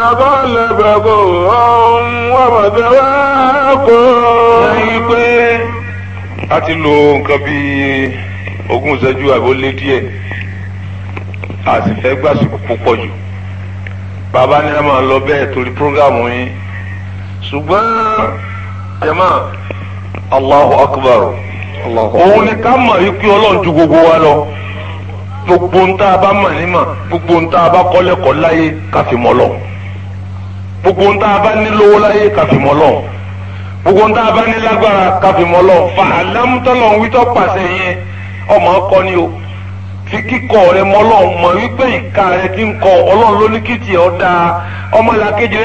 غلبه ومذاقه. lẹ́yìn pé a ti lo nǹkan bíi ogún ìṣẹ́jú àbólé díẹ̀ a sì fẹ́ gbàsùkú púpọ̀ jù bàbá ni a máa lọ bẹ́ẹ̀ torí prógámù yín ṣùgbọ́n jẹ́mà Allahu Akbar òun ni ká mọ̀ yí ọlọ́run ju gbogbo wa lọ gbogbo ń tá a bá mọ̀ nímọ̀ gbogbo ń tá a bá kọ́lẹ́kọ̀ọ́ láyé ká fi mọ̀ lọ́wọ́. gbogbo ń tá a bá ní lówó láyé káfímọ́ gbogbo ń tá a bá ní fa àlámútọ́lọ̀ ń wítọ́ pàṣẹ yẹn ọmọ kọ́ ni o fi kíkọ́ rẹ mọ́ lọ́hùn mọ̀ wípé ìka rẹ ti ń kọ ọlọ́run ló ní kìtì ọ dáa ọmọ làkejì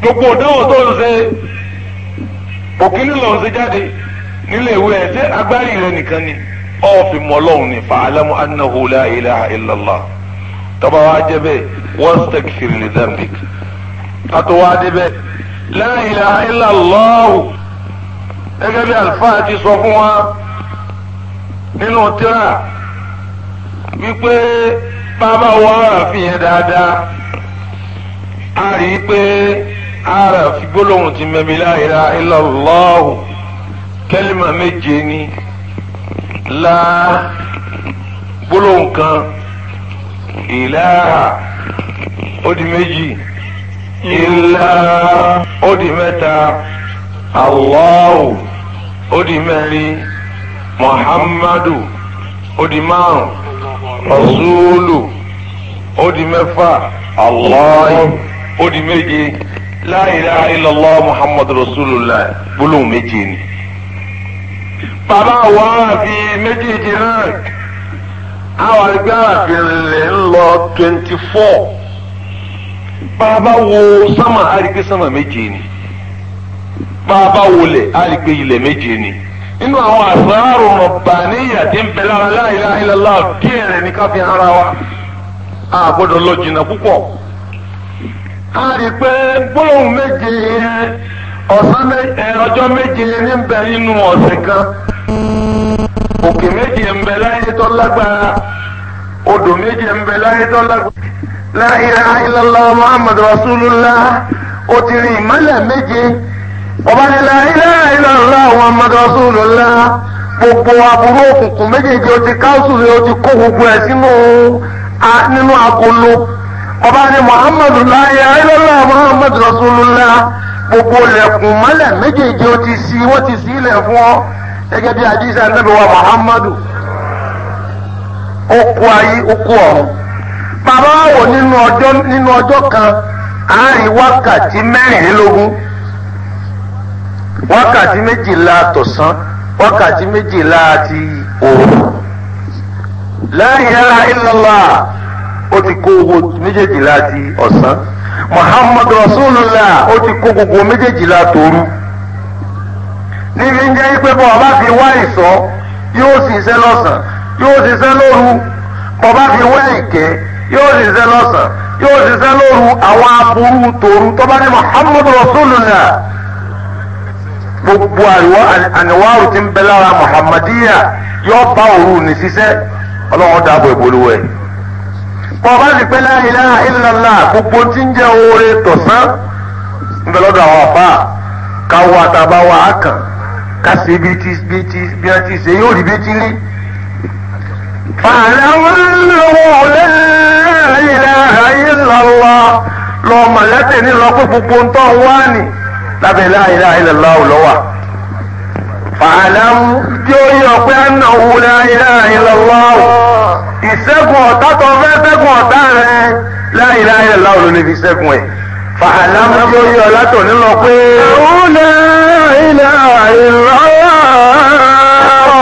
gbogbo òdáwọ̀ tó ń ṣe òkínní lọ́n ṣe jáde nílé ìwé ẹ̀ ṣé agbárí rẹ nìkan ni. ọ̀fi mọ ọlọ́run ni fa'alamu annahu la ilaha illallah tọ́ba wa jẹ́ bẹ́ẹ̀ wastaghfir li dhanbik kátó wa dé bẹ́ẹ̀ la ilaha illallah gẹ́gẹ́ bí àlùfáà ti sọ fún wa nínú tíra wípé bàbá wa àfihàn dáadáa a rí i pé ara fi gbólóhùn ti mẹ́mi la ilaha illallah kẹ́límà méje ni láà gbólóhùn kan ìlàhà ó di méjì ìlà ó di mẹ́ta Allahu ó di mẹ́rin Muhammadu ó di márùn Rasulu ó di mẹ́fà Allah ó di méje la ilaha illallah Muhammadu gbólóhùn méje ni. bàbá wa fi méjèèjì náà àwọn àgbà àfihànlẹ̀ ń lọ twenty four bàbá wo sámà àrígbé sámà méje ni bàbá wọlé àrígbé ilẹ̀ méje ni inú àwọn àsàrò rọ̀bàníyà tí ń bẹ lára ní ara wa lọ jìnnà púpọ̀ a gbólóhùn méje yẹn kan òkè méjì ń bẹ láyé tó lágbára odò méjì ń bẹ láyé tó lágbára. la rasulullah ó ti rí ìmọ́lẹ̀ méje ọba ní la ilaha illallah muhammad gbogbo aburú òkùnkùn méjèèjì ó ti káwùsù ó ti kó gbogbo ẹ̀ sínú nínú agolo ọba ní muhammad la ilaha gbogbo mọ́lẹ̀ méjèèjì ó ti wọ́n ti gẹ́gẹ́ bí àdìsá nàbẹ wa muhammadu ó ayé ó ọ̀run bàbá wò nínú ọjọ́ nínú ọjọ́ kan àárín wákàtí mẹ́rìnlélógún wákàtí méjìlá tọ̀sán wákàtí méjìlá ti òru la ilaha illallah ó ti kó owó méjèèjìlá ti ọ̀sán muhammadu ó ti kó gbogbo méjèèjìlá tòru. níbi ndị jẹ́ pé ọba fi wá ìsọ́ yóò ṣiṣẹ́ lọ́sàn yóò ṣiṣẹ́ lóru bọ́ba fi wá ìkẹ́ yóò ṣiṣẹ́ lọ́sàn yóò ṣiṣẹ́ lóru àwọn aburú tòru tọ́ba ní muhammadu gbogbo ti muhammadiya bá òru ní ṣiṣẹ́ ọlọ́run dáàbò ìbolówó ẹ̀. bọ́ba sì pé la gbogbo ń oore ká ṣe bí tí bí tí bí wọ́n ti ṣe yóò rí bí tí rí. fàlàwọ́ lẹ́yìn ilaha illallah lọ mọ̀lẹ́tẹ̀ ní lọ gbogbo ń tọ́ wá ní lábẹ́ la ilaha illallah lọ́wà. fàlàwọ́ tí ó yọ pé àná òun la ilaha illallah ìṣẹ́gun ọ̀tá tó fẹ́ ṣẹ́gun ọ̀tá rẹ̀ la ilaha illallah ló ní fi ṣẹ́gun ẹ̀ fàlà ń bọ́ yọ látọ̀ nínú pé. àwọn ilé ìlọ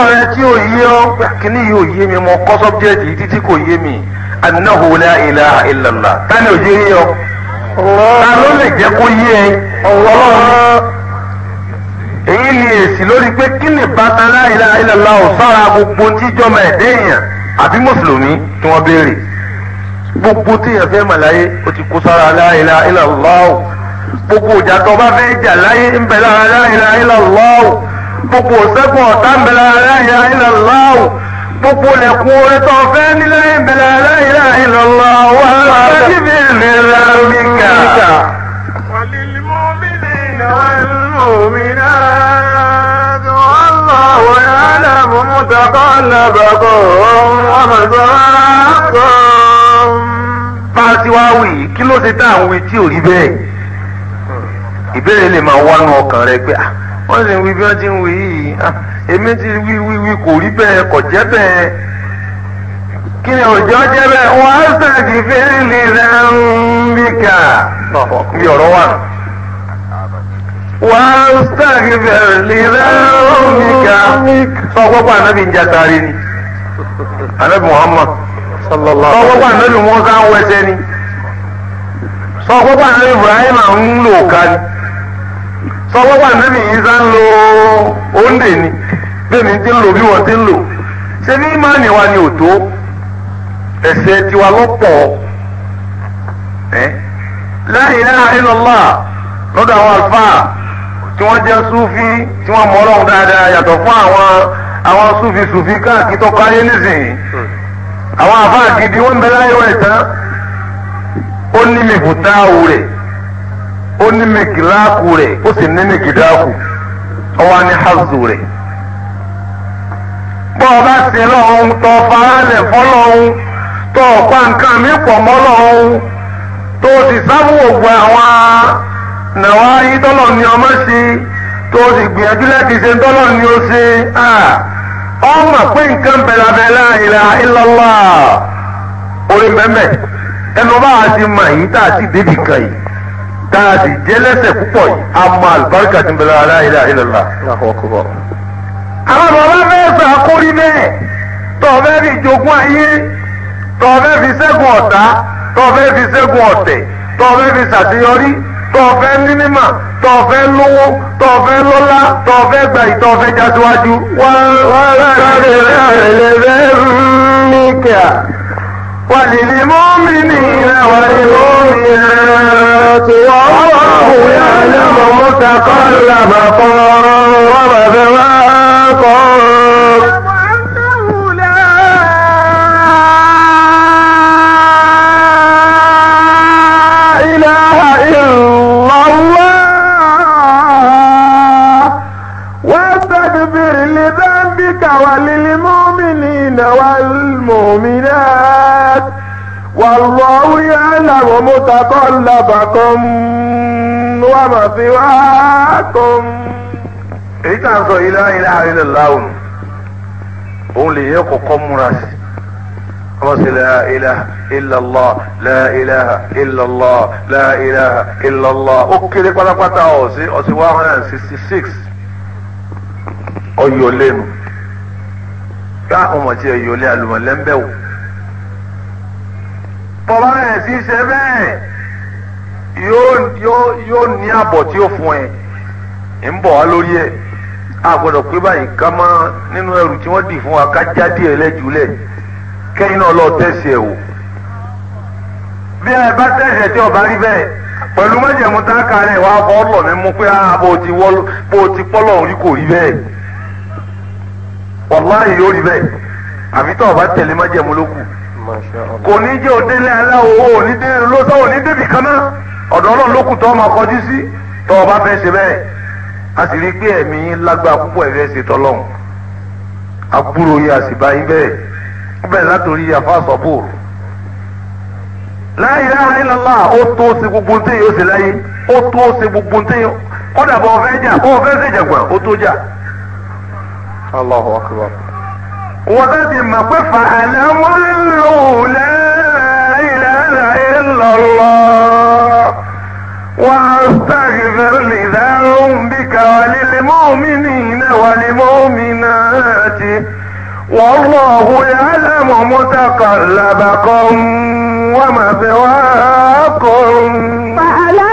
ọ̀rẹ́ tí ò yé ọ kíní yìí ò yé mi mo kọ́ sọ́bjẹ́tì yìí títí kò yé mi annahu la ilaha illallah tani ò yé yọ ta ló lè jẹ́ kó yé ẹ ọlọ́run èyí ni èsì lórí pé kí bàtà la ilaha illallah ò sára gbogbo tíjọ́ mẹ́ẹ̀ẹ́dẹ́yìn àbí mùsùlùmí tí wọ́n béèrè. gbogbo téèyàn fẹ́ mà láyé ó ti kó sára la ilaha illallah gbogbo ìjà tó bá fẹ́ jà láyé ń bẹ lára la ilaha illallah gbogbo òṣègùn ọ̀tá ń bẹ lára la ilaha illallah gbogbo lẹ̀kùn orin tó fẹ́ nílẹ̀ ń bẹ lára la ilaha illallah wà á lọ́ọ́ bí mi rà mí kà. وللمؤمنين والمؤمنات والله يعلم متقلبكم ومثواكم tí wàá wì yìí kí ló ṣe tá à ń wí tí ò rí bẹ́ẹ̀ ìbéèrè lè máa wánú ọkàn rẹ pé wọ́n sì ń wí bí wọ́n ti ń wí yìí èmi ti wí wí wí kò rí bẹ́ẹ̀ kò jẹ́ bẹ́ẹ̀ kí ni òjò jẹ́ bẹ́ẹ̀ wọ́n á sàdí fẹ́ẹ́lì rẹ̀ ń bí kà bí ọ̀rọ̀ wà. wọ́n á sàdí fẹ́ẹ́lì rẹ̀ ń bí kà sọ gbogbo ànábì ń jàtàrí ni ànábì Muhammad sọ gbogbo ànábì Musa ń wẹsẹ ni. sọ gbogbo Ibrahim ń lò sọ gbogbo ànábì na ń lo òǹdè ni bẹ́ẹ̀ni ti lò bí wọ́n ti lò ṣé ní ìmánì wa ni ò tó ẹ̀ṣẹ̀ tiwa àwọn tí wọ́n jẹ́ súfí tí mọ dáadáa fún àwọn àwọn sufi káàkiri nísìnyí àwọn bẹ láyé ó ní mìkútáàwù rẹ̀ ó ní mìkìláàkù rẹ̀ ó sì ní mìkìdáàkù ó wá ní hazu rẹ̀. bọ́ bá sin lọ́hún tó faralẹ̀ fọlọ́hún tó ọ̀pá nǹkan mi pọ̀ mọ́ lọ́hún tó ti sábúwò gba àwọn nàwa yí tọ́lọ̀ ni ọmọ tó ti gbìyànjú ẹnu bá a ti mọ èyí tá a ti débi kan yìí tá a ti jẹ lẹ́sẹ̀ púpọ̀ yìí a mọ àlùbáríkà tí ń bẹ̀rẹ̀ la ilaha illallah. àwọn bàbá fẹ́ gbà kórí bẹ́ẹ̀ tọ́ fẹ́ fi jogún ayé tọ́ fẹ́ fi ṣẹ́gun ọ̀tá tọ́ fẹ́ fi ṣẹ́gun ọ̀tẹ̀ tọ́ fẹ́ fi ṣàṣeyọrí tọ́ fẹ́ ní mímọ̀ tọ́ fẹ́ lówó tọ́ fẹ́ lọ́lá tọ́ fẹ́ gbà yìí tọ́ fẹ́ jásíwájú. wàá rà وللمؤمنين والمؤمنات والله يعلم متقلبكم ومثواكم إنه متقلبكم ومثواكم èyí tá à ń sọ yìí láyé láàrin lè láwùn òun lè yẹ kọ́kọ́ múra sí ọmọ sí la ilaha illallah la ilaha illallah la ilaha illallah ó kéré pátápátá ọ̀sí ọ̀sí one hundred and sixty six ọ̀yọ̀ lẹ́nu ká ọmọ tí ẹ̀ yọ̀ lé alùmọ̀lẹ́ńbẹ̀wò bọ́lá bẹ̀rẹ̀ sí ṣe bẹ́ẹ̀ yóò yóò yóò ní àbọ̀ tí ó fún ẹ ń bọ̀ wá lórí ẹ̀ a gbọ́dọ̀ pé báyìí ká mọ́ nínú ẹrù tí wọ́n dì fún wa ká já díẹ̀ lẹ́jùlẹ̀ kẹ́yìn náà lọ tẹ̀sí ẹ̀ wò. bí ẹ bá tẹ̀sí ẹ̀ tí ọba rí bẹ́ẹ̀ pẹ̀lú mẹ́jẹ̀mú tá a kà rẹ̀ wá fọ́ lọ̀ ní mú pé a ah, bó ti wọ́ bó ti pọ́lọ̀ rí kò rí bẹ́ẹ̀ wàláhì yóò rí bẹ́ẹ̀ àfi tó ọba tẹ̀lé mẹ́jẹ̀mú ló kò ní jẹ́ òdélé aláwo ò ní délé lọ́sọ̀ ò ní débì kan náà ọ̀dọ̀ ọlọ́run ló kù tó sí tó o bá fẹ́ ṣe bẹ́ẹ̀ a sì rí pé ẹ̀mí lágbára púpọ̀ ẹ̀fẹ́ ṣe gbogbo láyé ó gbogbo kọ́dà bọ́ ọ fẹ́ jà fẹ́ وقدم قفع الامر لا اله الا الله واستغفر لذنبك وللمؤمنين وللمؤمنات والله يعلم متقلبكم ومثواكم فعلى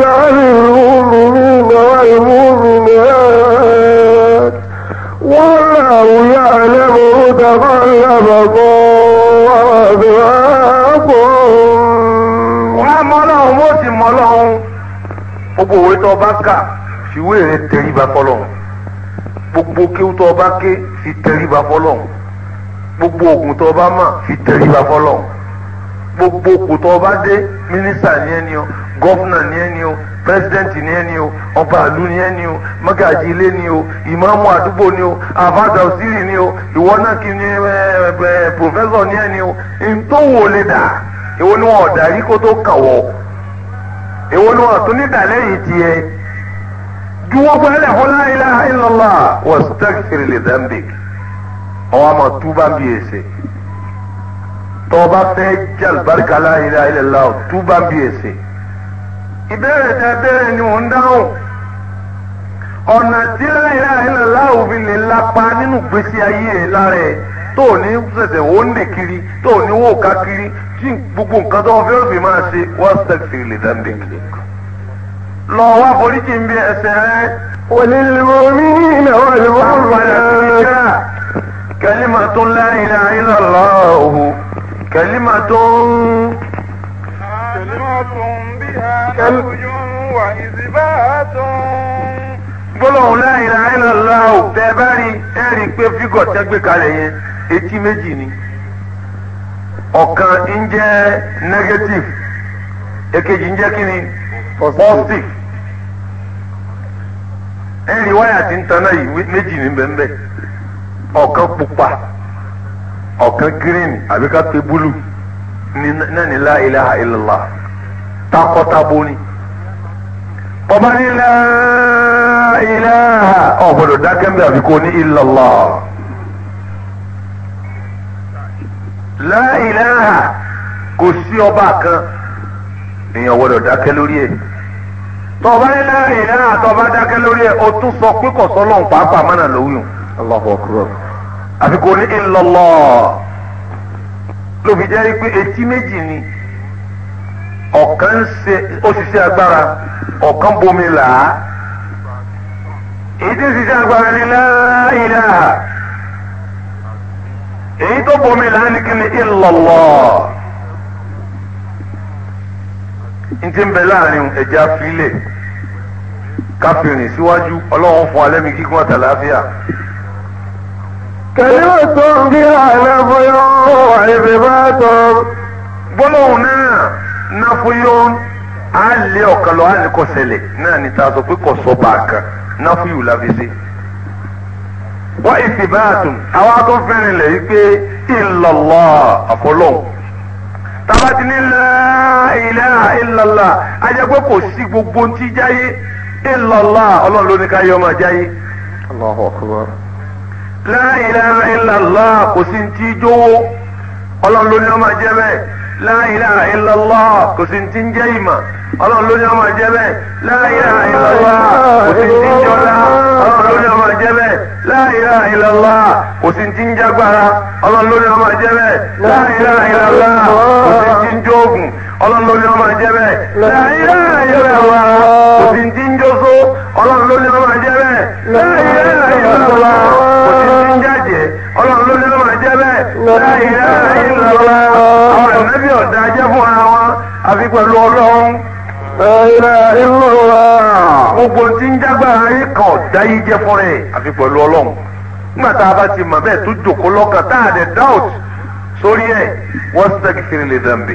واجعل المؤمنين والمؤمنات والله يعلم متقلبكم ومثواكم ọlọ́run ó sì mọ ọlọ́run gbogbo òwe tó bá kà fìwé rẹ tẹríba fọlọ́run gbogbo kéwú tó bá ké fi tẹríba fọlọ́run gbogbo ògùn tó bá mà fi tẹríba fọlọ́run gbogbo òkú tó bá dé mínísítà ní ẹni ọ gọ́fúnà ni ẹ́ ni o pírẹsidẹ́ǹtì ni ẹ́ ni o ọba àlú ni ẹ́ ni o mọ́gàjì ilé ni o ìmáàmù àdúgbò ni o àfáàtà òsìrì ni o ìwọ náà kì ni ẹ pòfẹ́sọ̀ ni ẹ́ ni o ntòwò lè dà èwo ni wọn ọ̀dà yìí kó tó kàwọ́ èwo ni wọn àtún nídà lẹ́yìn tiẹ̀ juwọ́ fẹ́lẹ̀ fún la ilaha illallah wastaghfir li dhanbik àwọn àmọ̀ túbà ń bí ẹsẹ̀ tọ́ba fẹ́ jẹ́ àlùbáríkà la ilaha illallah túbà ń bí ẹsẹ̀ ìbéèrè tẹ béèrè ni mò ń dáhùn ọ̀nà tí láìláìlá láòbí lè lápa nínú ìgbésí ayé ẹ̀ lára ẹ̀ tó ní ṣẹ̀ṣẹ̀ wò ń dè kiri tó ní wò ká kiri tí gbogbo nǹkan tó fẹ́ fi máa ṣe wọ́n sẹ́ẹ̀sì lè dáńdé. lọ wá foríjì ń bí ẹsẹ̀ rẹ. وللمؤمنين والمؤمنات كلمة لا إله إلا الله كلمة كلمة فيها نوج gbólóhùn la ilaha illallah o tẹ bá rí ẹ rí i yẹn etí méjì ni Ọkan ń jẹ́ negative èkejì ń jẹ́ kí ni ẹ rí wáyà tí ń taná yìí méjì ní pupa ọ̀kan green àbí ká búlù ní náà takọtabo ni ọba ní la ilaha ọ̀gbọ́dọ̀ dákẹ́ la kò sí ọba kan èèyàn gbọ́dọ̀ dákẹ lórí ẹ tọba ní tọba lórí ẹ o tún sọ pé pàápàá lóyún ní ló fi jẹ́ pé ọ̀kan ń ṣe ó ṣiṣẹ́ agbára ọ̀kan bomi là á èyí tí ń ṣiṣẹ́ agbára ní láìlá èyí tó bomi là á ní kí ni illallah n ti ń bẹ láàrin ẹja filẹ̀ káfírin síwájú ọlọ́run fún alẹ́mi kíkún àtàláfíà. kẹ̀lẹ́wò tó ń bí àlẹ́ bóyá wà ní bíbá tó. gbólóhùn náà. nafuyon a lé ọ̀kan lọ a lè kọ ṣẹlẹ̀ náà ni ta sọ pé kò sọ bá kan nafuyu la fi ṣe. wọ́n ìsìbáàtùn àwa tó fẹ́rin lẹ̀ yìí pé ìlọ̀lọ́ àfọlọ́hùn tabati ní la ilaha illallah ajẹ́ pé kò sí gbogbo ti jáyé illallah ọlọ́run ló ní ká yọ ọmọ jáyé. Allahu akbar. la ilaha illallah kò sí ti jówó ọlọ́run ló ní ọmọ jẹ́ bẹ́ẹ̀. la ilaha illallah kò sí ti ń jẹ́ ìmọ̀ ọlọ́run ló ní ọmọ jẹ́ bẹ́ẹ̀ la ilaha illallah kò sí ti ń jọlá ọlọ́run ló ní ọmọ jẹ́ bẹ́ẹ̀ la ilaha kò sí ti ń jágbára ọlọ́run ló ní ọmọ jẹ́ bẹ́ẹ̀ la ilaha kò sí ti ń jógun ọlọ́run ló ní ọmọ ẹ̀jẹ̀ bẹ́ẹ̀. láyé ayé rẹ̀ wá. òsì ti ń jóso ọlọ́run ló ní ọmọ ẹ̀jẹ̀ bẹ́ẹ̀. láyé ayé rẹ̀ wá. òsì ti ń jàjẹ́ ọlọ́run ló ní ọmọ ẹ̀jẹ̀ bẹ́ẹ̀. láyé ayé rẹ̀ wá. àwọn ẹ̀mẹ́bí ọ̀dà ajẹ́ fún ara wọn àfi pẹ̀lú ọlọ́run. láyé ayé rẹ̀ wá. gbogbo ti ń jágbára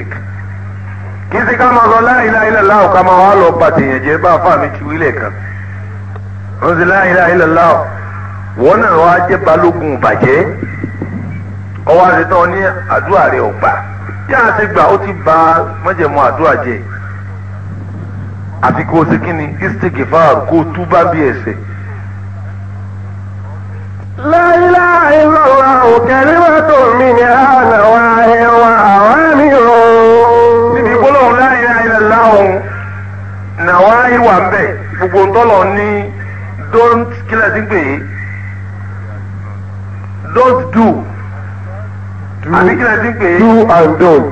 yìí kan kì í ṣe ká máa sọ láìlá ìlàlá ọ̀ká máa wá lọ bàtì yẹn jẹ́ bá àfa mi ti wílẹ̀ kan wọ́n ṣe láìlá ìlàlá ọ̀ wọ́n náà wá jẹ́ balógun bàjẹ́ ọwọ́ àṣetán ní àdúrà rẹ̀ ọ̀gbà yá àti gbà ó ti ba mọ́jẹ̀mú àdúrà jẹ́ àti kó o ṣe kí ni istigifar kó o tú bá bí ẹ̀ṣẹ̀. láìláì lọ́la òkè rí wọ́n tó mi ní àná wáyé wá. láyé wà ń gbogbo ntọ́lọ̀ ní don't kílẹ̀ sí pé don't do àbí kílẹ̀ sí pé do and don't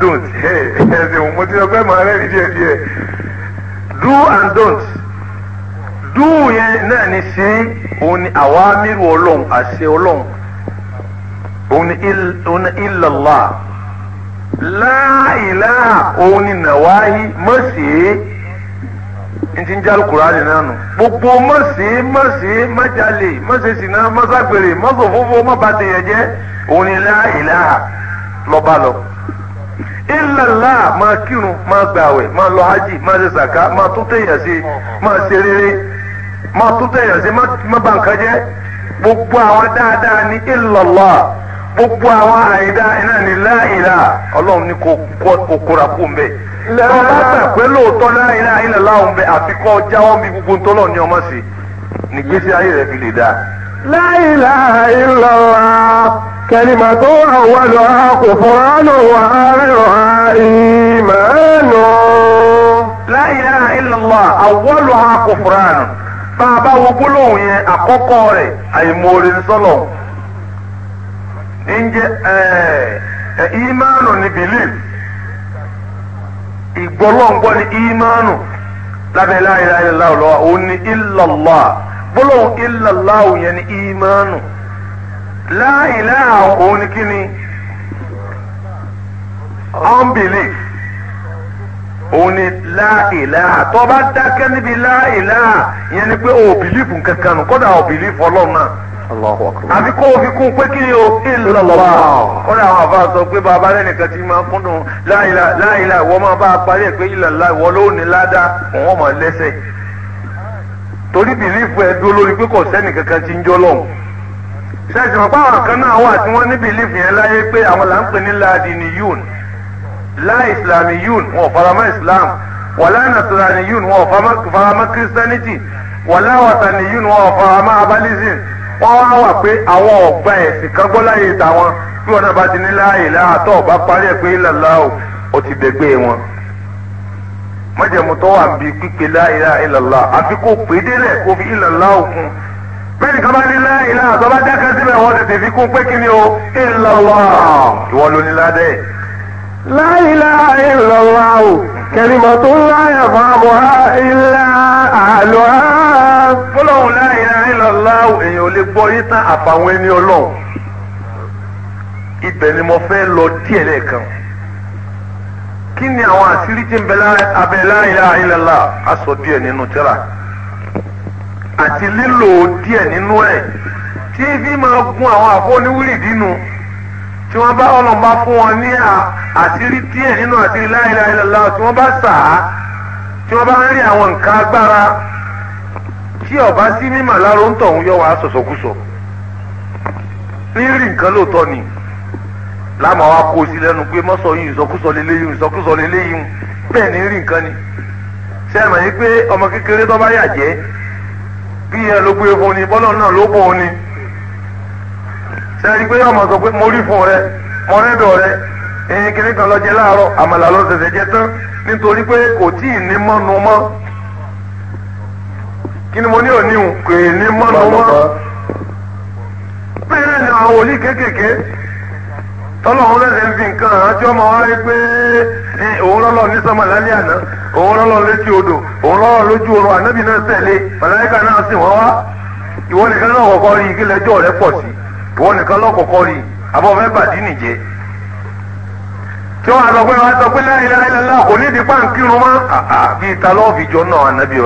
do and don't mo ti sọ pé màá rẹ́rìn díẹ̀ díẹ̀ do and don't do yẹn náà ni ṣe òun ni àwa mírù ọlọ́run àṣẹ ọlọ́run òun ni illallah láìlá òun ni nàwáyí mọ̀sẹ̀ ntí ń já alukurani náà nù gbogbo mọ̀sẹ̀ mọ̀sẹ̀ mọ̀jalè mọ̀sẹ̀ sìnà mọ̀sàgbèrè mọ̀sọ̀fófó mọ̀bàtẹ̀yẹjẹ òun ni láìlá lọ́ba lọ. ìlàlá máa kírun máa gbàwẹ̀ máa lọ hajj máa ṣe sàká máa tún tẹ̀yà sí máa ṣe rere máa tún tẹ̀yà sí máa gbogbo àwọn dáadáa ní ìlàlá. gbogbo àwọn àìdá iná ni láìlá ọlọ́run ní kò kóra kó mbẹ. ọba sàn pé lóòótọ́ láìlá láwọn àfikọ́ jáwọ́ bí gbogbo ntọ́lọ́ ní ọmọ sí nígbésí ayé rẹ̀ fi lè dá. láìlá ìlọ́wà tó kò fọ́nrán wà rírọ̀ láìlá ìlọ́wà kò fọ́nrán ǹjẹ́ ẹ eh, eh, ìmánu ni belief ìgbọ́lọ́ngbọ́ ni ìmánu lábẹ́ la ilaha illallah lọ́wọ́ òun ni illallah gbólóhùn illallah yẹn ni ìmánu la ilaha òun ni kini. unbelief òun ni la ilaha tó bá dákẹ́ níbi la ilaha yẹn ni pé ò bìlífù kankan kódà ò bìlífù ọlọ́run náà àfi kó o fi kún pé kí ni o ìlọlọba ó ní àwọn àbá sọ pé bàbá lẹ́nìkan ti máa kúndùn láìláìlá ìwọ máa bá a parí ẹ̀ pé ìlọlá ìwọ ló ní ládàá òun ọmọ lẹ́sẹ̀ torí bìlífù ẹ dúró lórí pé kò sẹ́nì kankan ti ń jọ lọ́hùn sẹ́sìn mọ̀ àwọn kan náà wà tí wọ́n ní bìlífù yẹn láyé pé àwọn là ń pè ní láàdínì yún láì ìsìlámì yún wọn ò faramọ́ ìsìlám wàlá nàṣàlàní yún yún wọn ò wọ́n wá wà pé àwọn ọ̀gbà ẹ̀sìn kan gbọ́ láyé tàwọn bí wọn náà bá ti ní láàyè láàtọ̀ ọ̀bá parí ẹ̀ pé ìlàlá o ó ti dẹ̀gbẹ́ wọn. májẹ̀mú tó wà bí pípe láàyè ìlàlá àfi kó pé délẹ̀ kó fi ìlàlá òkun. bẹ́ẹ̀ni kan bá ní láàyè láàtọ̀ bá dákẹ́ síbẹ̀ wọ́n tètè fi kún pé kí ni o ìlàlá ìwọ ló ní ládẹ́. láàyè láàyè كلمة لا يفهمها إلا أهلها قولوا لا إله إلا الله èèyàn lè gbọ́ yìí tán àfàwọn ẹni ọlọ́run ibẹ̀ ni mo fẹ́ lọ díẹ̀ lẹ́ẹ̀kan kí ni àwọn àṣírí tí ń bẹ abẹ́ la ilaha illallah aṣọ díẹ̀ nínú tírà àti lílo díẹ̀ nínú ẹ̀ tí fi máa gun àwọn àfọ oníwírì dínú tí wọ́n bá ọlọ́run bá fún wọn ní àṣírí díẹ̀ nínú àṣírí la ilaha illallah tí wọ́n bá sà á tí wọ́n bá rí àwọn nǹkan agbára tí ọba sí mímọ̀ láró ń tọ̀hún yọ wá sọ̀sọ̀kúsọ rírì nǹkan lóòótọ́ ni láàmú wa kó o sí lẹ́nu pé mọ́sọ̀ yìí ìsọkúsọ lélẹ́yìn ìsọkúsọ lélẹ́yìn bẹ́ẹ̀ ni rírì nǹkan ni sẹ́ẹ̀mọ̀ yìí pé ọmọ kékeré tó bá yà jẹ́ bí ẹ ló gbé fún ni bọ́lọ́ náà ló bọ̀ ọ́ ni sẹ́ẹ̀rí pé ọmọ sọ pé mo rí fún rẹ mo rẹ́dọ̀ rẹ ẹ̀yìn kìnní kan lọ jẹ láàárọ̀ àmàlà ló ṣẹ̀ṣẹ̀ jẹ tán nítorí pé kò tí ì ní mọ́nu mọ́ kí ni mo ní òní hùn kò ì ní mọ́nu mọ́ bẹ́ẹ̀ ni àwọn òní kéékèèké tọ́lọ́hún lẹ́sẹ̀ ń fi nǹkan hàn tí ọmọ wa rí pé òun lọ́lọ́ ní sọ́mọ lálẹ́ àná òun lọ́lọ́ létí odò òun lọ́lọ́ lójú oorun ànábì náà tẹ̀lé màláíkà náà sì wọn nìkan lọ́kọ̀ọ́kọ́ rí àbọ̀ fẹ́ bàdínì jẹ́ tí wọn àgbà pé wọn sọ pé la kò ní di pàǹkìrún àbí jọ náà ànábì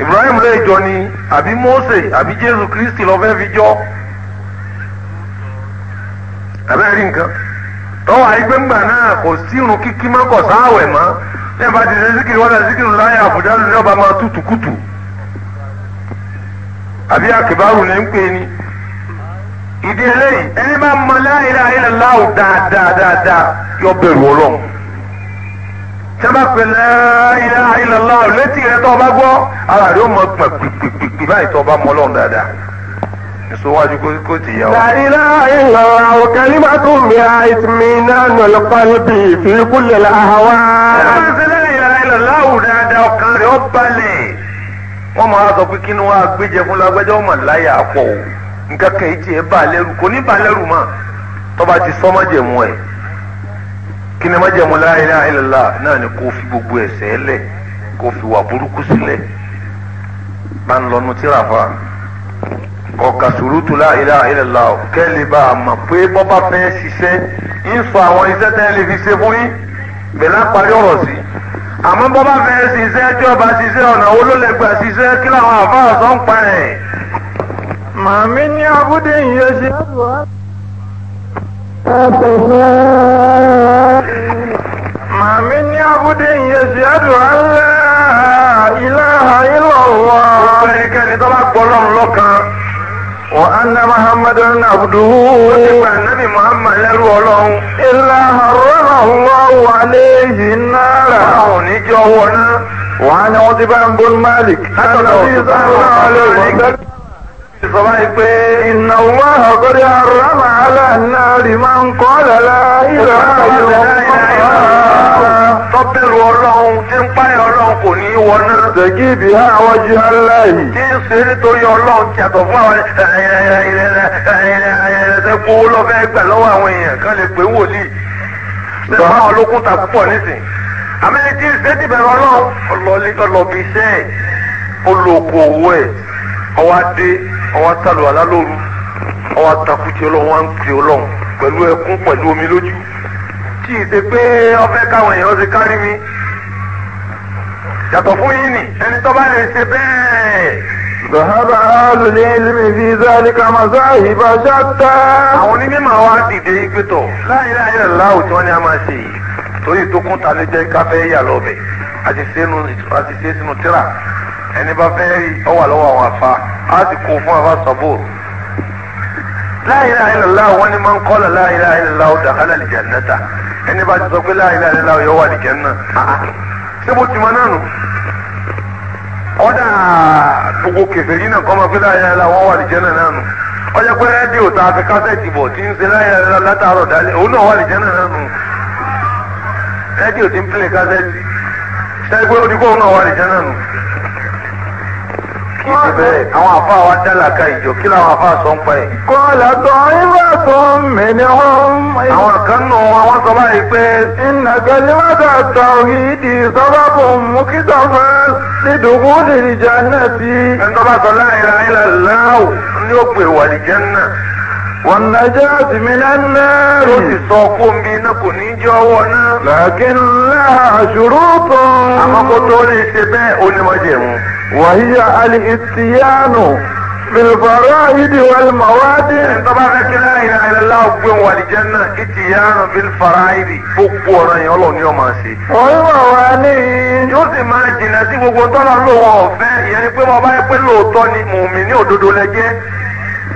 Ibrahim lè jọ ni Mose àbí Jésù Kristi fi nǹkan tọ́wọ́ ńgbà náà kò sírun kíkí kọ̀ sáwẹ̀ mọ́ lẹ́ẹ̀bá ti ṣe síkìrì wọ́n ṣe síkìrì láyé lórí ọba máa tútù ìdí eléyìí ẹni máa mọ la ilaha illallah dáadáa dáadáa yọ bẹ̀rù ọlọ́run sábà pé la ilaha illallah létí rẹ tó o bá gbọ́ ara rẹ ó mọ pẹ̀ pìpìpì báyìí tó o bá mọ ọlọ́run dáadáa ìsọwájú kó ti yà wá. la ilaha illallah kalimatu biha itminanul qalbi fi kullil ahwa. la ilaha illallah dáadáa ọkàn rẹ ó balẹ̀ wọ́n máa sọ pé kí nǹkan kan ìjì ẹ̀ bà lẹ́rù kò ní bà lẹ́rù mọ́ tọ́ba ti sọ májẹ̀mú ẹ̀ kí ni májẹ̀mú la ilaha illallah náà ni kó fi gbogbo ẹ̀ṣẹ̀ lẹ̀ kó fi wà burúkú sílẹ̀ bá ń lọnu tíra fa ọ̀kà sùrùtù la ilaha illallah kẹ́lẹ́ bá a mọ̀ pé bọ́bá fẹ́ ṣiṣẹ́ ń sọ àwọn iṣẹ́ tẹ́lẹ̀ fi ṣe fún yín bẹ̀rẹ̀ lápárí ọ̀rọ̀ sí àmọ́ bọ́bá fẹ́ ṣiṣẹ́ tí ọba ọ̀nà olólẹ́gbẹ̀ẹ́ ṣiṣẹ́ kí làwọn àfáà sọ pa ẹ̀ ما من عبد يشهد ما من عبد يشهد أن لا إله إلا الله وأن محمدا عبده النبي محمد لرو الله إلا حرم الله عليه النار وعن عتبة بن مالك النبي صلى الله عليه وسلم sọ́mọ́ ìpè iná wà ọ̀gọ́dẹ́ àrọ́mà aláàánà rí máa ń kọ́ lọ́la ìlà tọ́bẹ̀rù ọlọ́run tí ń páyọ̀ ọlọ́run kò ní í wọná. Tẹ̀gí ibi á àwọn jí aláì. Tí ń ṣe nítorí ọlọ́run ti àtọ̀ fún àwọn ẹ̀ẹ́dẹ́gbó lọ́fẹ́ gbà lọ́wọ́ àwọn èèyàn kan lè pè wòlíì. Bẹ̀rẹ̀ fún àwọn olókùn ta púpọ̀ nísìnyí. Àmẹ́ni ọwọ́ àtàlù alaloru, ọwọ́ àtàkùtì ọlọ́run wá ń pè ọlọ́run pẹ̀lú ẹkún pẹ̀lú omi lójú tí ì ṣe pé ọfẹ́ káwọn èèyàn ṣe kárí mi yàtọ̀ fún yín ni ẹni tó bá lè ṣe bẹ́ẹ̀. ذهب أهل العلم في ذلك مذاهب شتى àwọn onímọ̀ wa dìde ipe tọ̀ la ilaha illallah tí wọ́n ní a máa ṣe yìí torí tó kún ta ló jẹ́ káfẹ́ yà lọ́bẹ̀ àti ṣe sínú tíra ẹni bá fẹ́ rí ọ wà lọ́wọ́ àwọn afa á sì kó fún afa sọ́bù. la ilaha illallah wọn ni máa ń kọ́ la la ilaha illallah dakhala aljannata ẹni bá ti sọ pé la ilaha illallah yóò wà nìjẹ́ náà. ṣé bó ti mọ náà nù? ọ̀dà gbogbo kẹfẹ́rí náà kọ́ máa pé la ilaha illallah wọn wà nìjẹ́ náà nù. ọjọ́ pé rẹ́díò tá fi kásẹ̀tì bọ̀ tí ń ṣe la ilaha illallah kí n bẹ̀rẹ̀ àwọn àfa wa dálàkà ìjọ kí làwọn àfa sọ ń pa ẹ̀. kọ́lá tó ibà tó mìíràn. àwọn kan nù àwọn sọ báyìí pé. iná kalimata tawhidi sábàbù mukita fẹ́ sídùkú lè jẹ́ náà sí. ẹni tó bá sọ la ilaha illallah ní ó pè wà ní jẹ́ náà. والنجاة من النار وتصاقوا بنا كنين جوانا لكن لها شروط أما قطولي سباء لمجم وهي الاتيان بالفرائد والمواد طبعا لا اله الا الله وقوم والجنة اتيان بالفرائد فقورا يولون يوم اسي والمواني يوسي ما جناسي وقوم طلع له وفاء يعني قوم بايقل له طني مؤمني ودودو لجي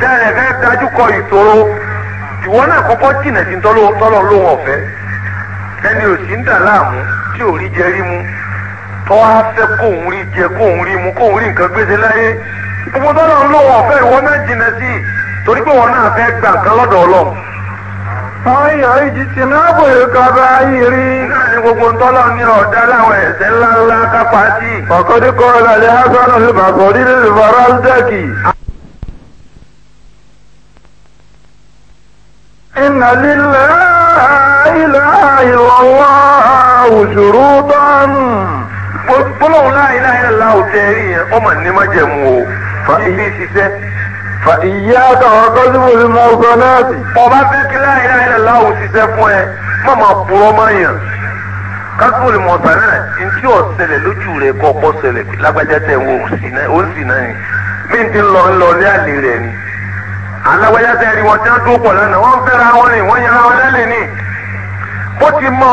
dára ẹ̀fẹ́ dájú kọ ìṣòro ìwọ náà kọ́kọ́ jìnà sí tọ́lọ́ ẹni ò ń dà láàmú tí ò rí rí mu tọ́ á fẹ́ kóun rí jẹ kóun rí mu kóun rí nǹkan gbèsè láyé gbogbo tọ́lọ́ ìwọ náà jìnà sí torí pé wọn náà fẹ́ gbà lọ́dọ̀ ọlọ́run. ìjì náà bò yóò kọ́ bá yìí rí. gbogbo tọ́lọ́ láwọn ẹ̀sẹ̀ kápá sí. إن لله لا إله إلا الله شروطا gbólóhùn la ilaha illallah tẹ́rí yẹn ọmọ ní má jẹ̀mú o ibi ṣiṣẹ́. fa ìyá àtàwọn akọ́símù ni mo sọ náà sí. ọba fẹ́ kí la ilaha illallah ṣiṣẹ́ fún ẹ má máa purọ́ má yàn. kásìmù ni mo sọ náà ntí ọ̀sẹ̀lẹ̀ lójú rẹ̀ kọ́kọ́ ṣẹlẹ̀ lágbájá tẹ̀ wọ́n ò sì náà ni mí ti ń lọ ń lọ ní àlè rẹ̀ ni alágbájá tẹ ẹ̀rí wọn tí wọ́n dúró pọ̀ lánàá wọ́n fẹ́ra wọn ni wọ́n yẹra wọn lẹ́lẹ̀ ni bó ti mọ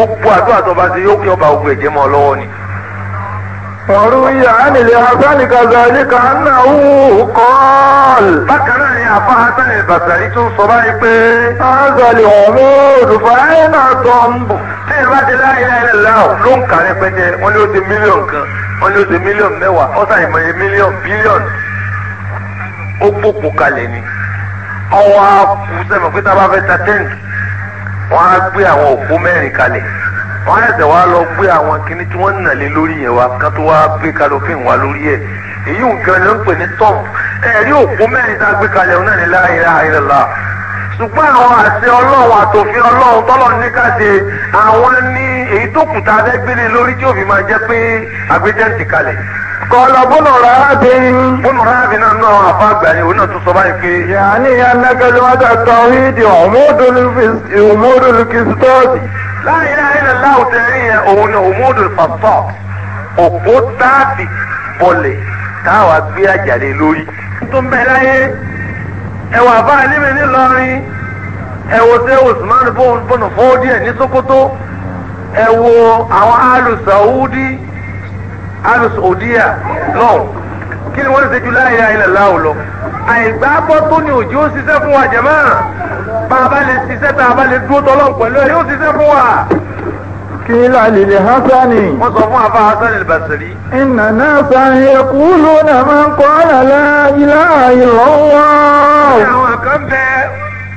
o gbogbo àdúrà tó bá ti yóò kí ọba ogun ẹ̀jẹ̀ mọ́ ọ lọ́wọ́ ni. وروي عن الحسن كذلك أنه قال فكرة يا فهد البصري صبايك هذا العمود فأين الضمب تيرات لا إله إلا الله لون كان يبدأ ولو دي مليون ولو دي مليون ميوة أو مليون بليون ó pòpò kalẹ̀ ni ọwọ́ akú sẹ́mi pé tá a bá fẹ́ ta tẹ́ǹtì wọ́n á gbé àwọn òpó mẹ́rin kalẹ̀ wọ́n á ẹ̀sẹ̀ wá lọ gbé àwọn kinní tí wọ́n nà lórí yẹn wa ká tó wá gbé kalofin wa lórí ẹ̀ èyí nǹkan ló ń pè ní tọ́ọ̀mù ẹ̀rí òpó mẹ́rin tá a gbé kalẹ̀ ọ̀nà ní láàyè láàyè lọ́la ṣùgbọ́n àwọn àti ọlọ́run àtòfin ọlọ́run tọ́lọ̀ ní ká ṣe àwọn ní èyí tó kù tá a fẹ́ gbélé lórí tí òfin máa jẹ́ pé àgbéjẹ́ǹtì kalẹ̀. kọlọ bọlọ rábìn. bọlọ rábìn náà náà àfa àgbà ni òun náà tún sọ báyìí pé. yàní anagẹlẹ wọn ta tọhídì ọmọdúnlùkìsítọọdì. láyé láyé láwù tẹ̀rí yẹn òun ni òmùdùn fàfọ́ òpó táàbì bọ̀lẹ̀ táwa gbé àjàlè lórí. tó ń bẹ láyé ẹwà bá alíbi nílọrin ẹwọ tẹ Usman bọnu fọdí ẹ ní Sokoto ẹwọ àwọn alùsàwùdí alùsàwùdíà náà kí ni wọ́n ṣe ju la ilaha illallah lọ àìgbàgbọ́ tó ní òjì ó ṣiṣẹ́ fún wa jẹ̀mọ́ bá a bá lè ṣiṣẹ́ tá a bá lè dúró tọ́lọ́ pẹ̀lú ẹ̀ yóò ṣiṣẹ́ fún wa kílà lìlẹ̀ hasani. wọ́n sọ fún afa hasan al-basri. iná náà sani kúlù náà máa ń kọ́ lálẹ́ ilá ìlọ́wọ́. àwọn kan bẹ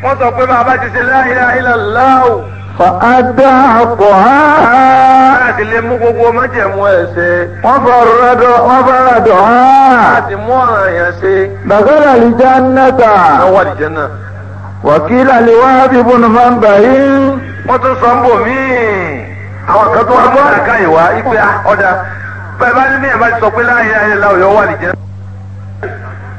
wọ́n sọ pé bàbá ti ṣe láìlá ìlàláwò. fàádà àkọ́há. láti lè mú gbogbo májẹ̀mú ẹ̀ ṣe. wọ́n fara dọ̀ wọ́n fara dọ̀ á. láti mú ọ̀ràn yẹn ṣe. dàgọ́dà lè já nẹ́ta. àwọn àdìjẹ́ náà. wàkílà lè wá bíbùn fún bàyí. wọ́n tún sọ ń bò míì àwọn kan tó wà mọ́ àkàyè wá ipe ah, ọ̀dà bẹ́ẹ̀ bá ní ẹ̀ma ti sọ pé láàyè láàyè láwùjọ wà nìjẹ́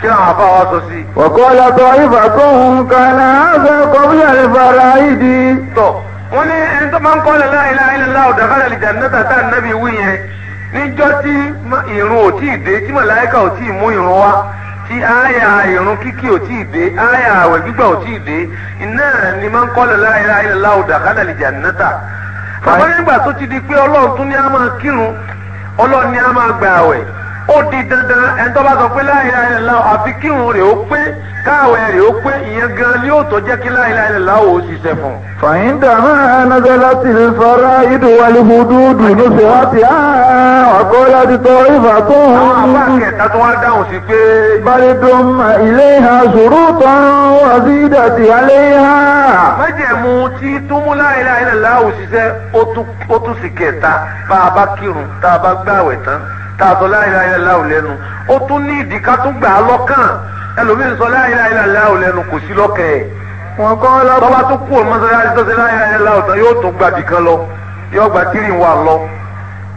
kí làwọn afa wa sọ sí. wọ́kọ́ yàtọ̀ ìfà tó ń kan àfẹ́ kọ́bíyà ìfara ìdí. tọ wọn ní ẹni tó máa ń kọ́lẹ̀ la ilaha illallah dakhala al-jannata tá nàbí wí yẹn níjọ́ tí ìrun ò tí dé tí màláíkà ò tí mú ìrun wá tí àyà ìrun kíkì ò tí dé àyà àwẹ̀ gbígbà ò tí dé iná ni máa ń kọ́lẹ̀ la ilaha illallah dakhala al bàbá nígbà tó ti di pé ọlọ́run tún a máa kírun ọlọ́run ní a máa gbà àwẹ̀. ó di dandan ẹni tó bá sọ pé láìláì lẹ́la àfi kírun rẹ̀ ó pé káwẹ̀ rẹ̀ ó pé ìyẹn gan ni ó tó jẹ́ kí láìláì lẹ́la ó ṣiṣẹ́ fún. fàyíǹda máa nàgbẹ́ láti lè fara ìdò wàlúù dúdú ló ṣe wá sí ọkọ láti tọ ìfà tó ń. àwọn àbá kẹta tó wá dáhùn sí pé. balẹ̀dùn ilé ha sòrò tán wà sí ìdàtì alẹ́ ha. májẹ̀mú tí túmú láìláì lẹ́la ó ṣiṣẹ́ ó tún sì kẹta bá a bá kírun tá a bá gbàwẹ̀ tán tá a sọ la ilaha illallah lẹ́nu ó tún ní ìdí ká tún gbà á lọ́kàn ẹlòmíín sọ la ilaha illallah lẹ́nu kò sí lọ́kàn ẹ̀. wọn kọ́ lọ. tọ́ba tún kú mọ́sálásí tó ṣe la ilaha illallah tán yóò tún gbàdì kan lọ yóò gbà tírì wà lọ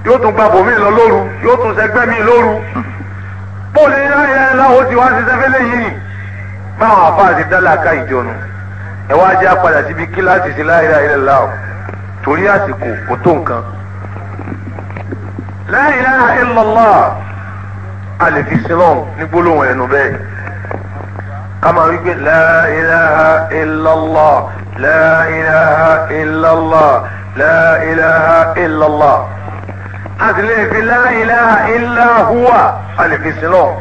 yóò tún gbà bòmí lọ lóru yóò tún sẹgbẹ́ mi lóru. bóòlù la ilaha illallah ó ti wá sí sẹ́fẹ́lẹ́ yìí báwọn àfáà ti dá làákà ìjọnu ẹ wá jẹ́ apàdà síbi kíláàsì sí la ilaha illallah torí àsìkò kò tó nǹkan. لا اله الا الله قالي في سلام نقولوا انه باي كما يقول لا اله الا الله لا اله الا الله لا اله الا الله قال في لا اله الا هو قالي في سلام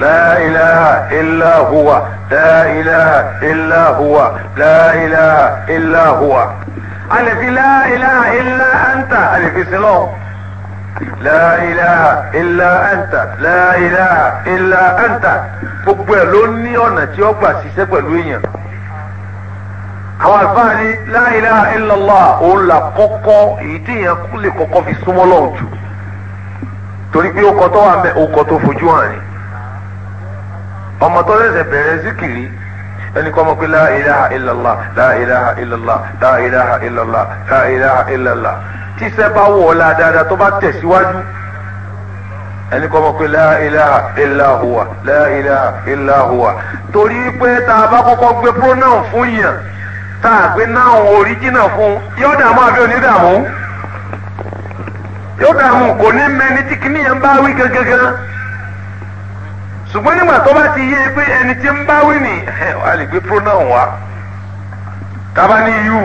لا اله الا هو لا إله إلا هو لا إله إلا هو الذي لا إله إلا أنت الذي سلام لا إله إلا أنت لا إله إلا أنت gbogbo ẹ̀ ló ní ọ̀nà tí ó gbà ṣiṣẹ́ pẹ̀lú èèyàn àwọn àlùfáà ní la ilaha illallah òun là kọ́kọ́ èyí tí èèyàn kú lè kọ́kọ́ fi súnmọ́ lọ́hùn jù torí pé ó kọ́ tó wà mẹ́ ó kọ́ tó fojú hàn ni ọmọ tó ṣẹ̀ṣẹ̀ bẹ̀rẹ̀ zikiri ẹni kọ́ ọmọ pé la ilaha illallah la ilaha illallah la ilaha illallah la ilaha illallah tí iṣẹ́ bá wọ̀ ọ́ la dáadáa tó bá tẹ̀síwájú ẹni kọ́ ọmọ pé la ilaha illahuwa la ilaha illahuwa torí pé tá a bá kọ́kọ́ gbé pronoun fún yàn tá a gbé noun original fún yóò dààmú àbí onídààmú yóò dààmú kò ní mẹ́ni tí kìnìyàn bá wí gangan ṣùgbọ́n nígbà tó bá ti yé e pé ẹni tí ń bá wí ni a lè gbé pronoun wa tábà ní you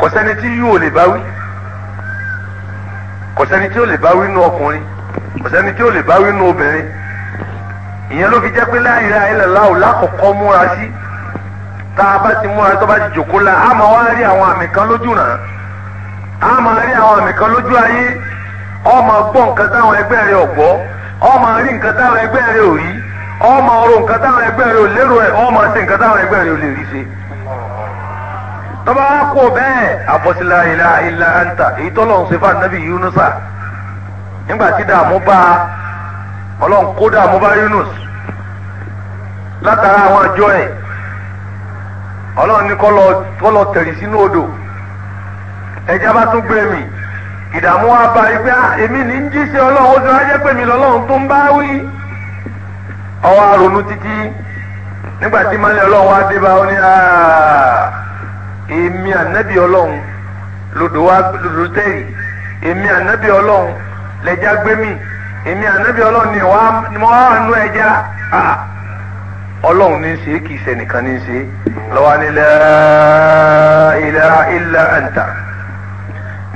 kò sẹ́ni tí you ò lè bá wí kò sẹ́ni tí ò lè bá wí nú ọkùnrin kò sẹ́ni tí ò lè bá wí nú obìnrin ìyẹn ló fi jẹ́ pé la ilaha illallah lákọ̀ọ́kọ́ múra sí tá a bá ti múra tó bá ti jòkó la a máa wá rí àwọn àmì kan lójú ràn án máa rí àwọn àmì kan lójú ayé ọmọ gbọ́ nǹkan táwọn ẹgbẹ́ rẹ̀ ọ̀gbọ́. ọmọ rí nǹkan táwọn ẹgbẹ́ rẹ ò rí ọmọ ọrọ̀ nǹkan táwọn ẹgbẹ́ rẹ ò lérò ẹ̀ ọmọ ṣe nǹkan táwọn ẹgbẹ́ rẹ ò lè rí ṣe. tọ́ba wa kó bẹ́ẹ̀ àbọ̀sílá ilá ilá anta èyí tọ́lọ̀ ṣe yunusa nígbà tí yunus látara àwọn àjọ ẹ̀ ní kọ́ lọ sínú odò bá ìdààmú wa bá yí ah, èmi ní ń jíṣẹ́ ọlọ́run ojú ti tó ń bá wí. ọwọ́ àrònú títí nígbà tí mọ́lẹ̀ ọlọ́run wá dé bá wọn ni ah, èmi ànábì ọlọ́run èmi ànábì ọlọ́run lẹ́jà gbé mi èmi ànábì ọlọ́run ni wá nú nìkan ah, ní ṣe lọ́wọ́ nílẹ̀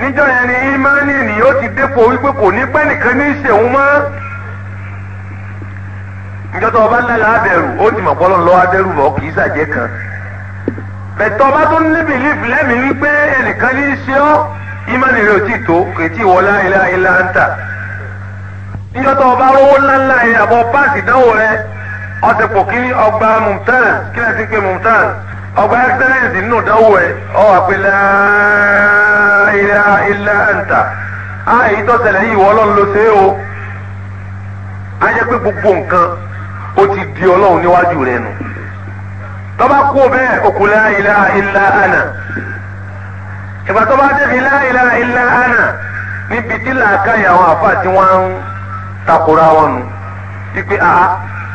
níjọ́ yẹn ni ìmánì ènìyàn ó ti dépò wípé kò ní pẹ́ nìkan ní ìṣèwọ́n mọ́ níjọ́ tó o bá lálẹ́ abẹ́rù ó ti mọ̀ pọ́lọ́ lọ́wọ́ abẹ́rù bọ̀ kì í ṣàjẹ́ kan bẹ̀tọ́ bá tún ní bìlífù lẹ́mìí wípé ẹnìkan ní í ṣe ọ́ ìmánì rẹ̀ ò tí ì tó kò tí ì wọlé ilá ilá ń tà níjọ́ tó o bá rówó ńláńlá yẹn àbọ̀ páàsì ìdánwò rẹ ọ̀sẹ̀ pò kí ọgbà mumtaz kí lẹ́sìn pé mumtaz ọba ẹsẹlẹsì nínú ìdánwò ẹ ọ àpẹlẹ ilẹ ilẹ ẹǹtà á èyí tó ṣẹlẹ̀ yìí wọ Ọlọ́run ló ṣe é o á yẹ pé gbogbo nǹkan ó ti di Ọlọ́run níwájú rẹ nù tọba kú bẹ́ẹ̀ òkúlẹ ilẹ ilẹ ànà ìgbà tọba débi ilẹ ilẹ ilẹ ànà níbi tí làákàyè àwọn àfa tí wọn ń takora wọn nù wípé àá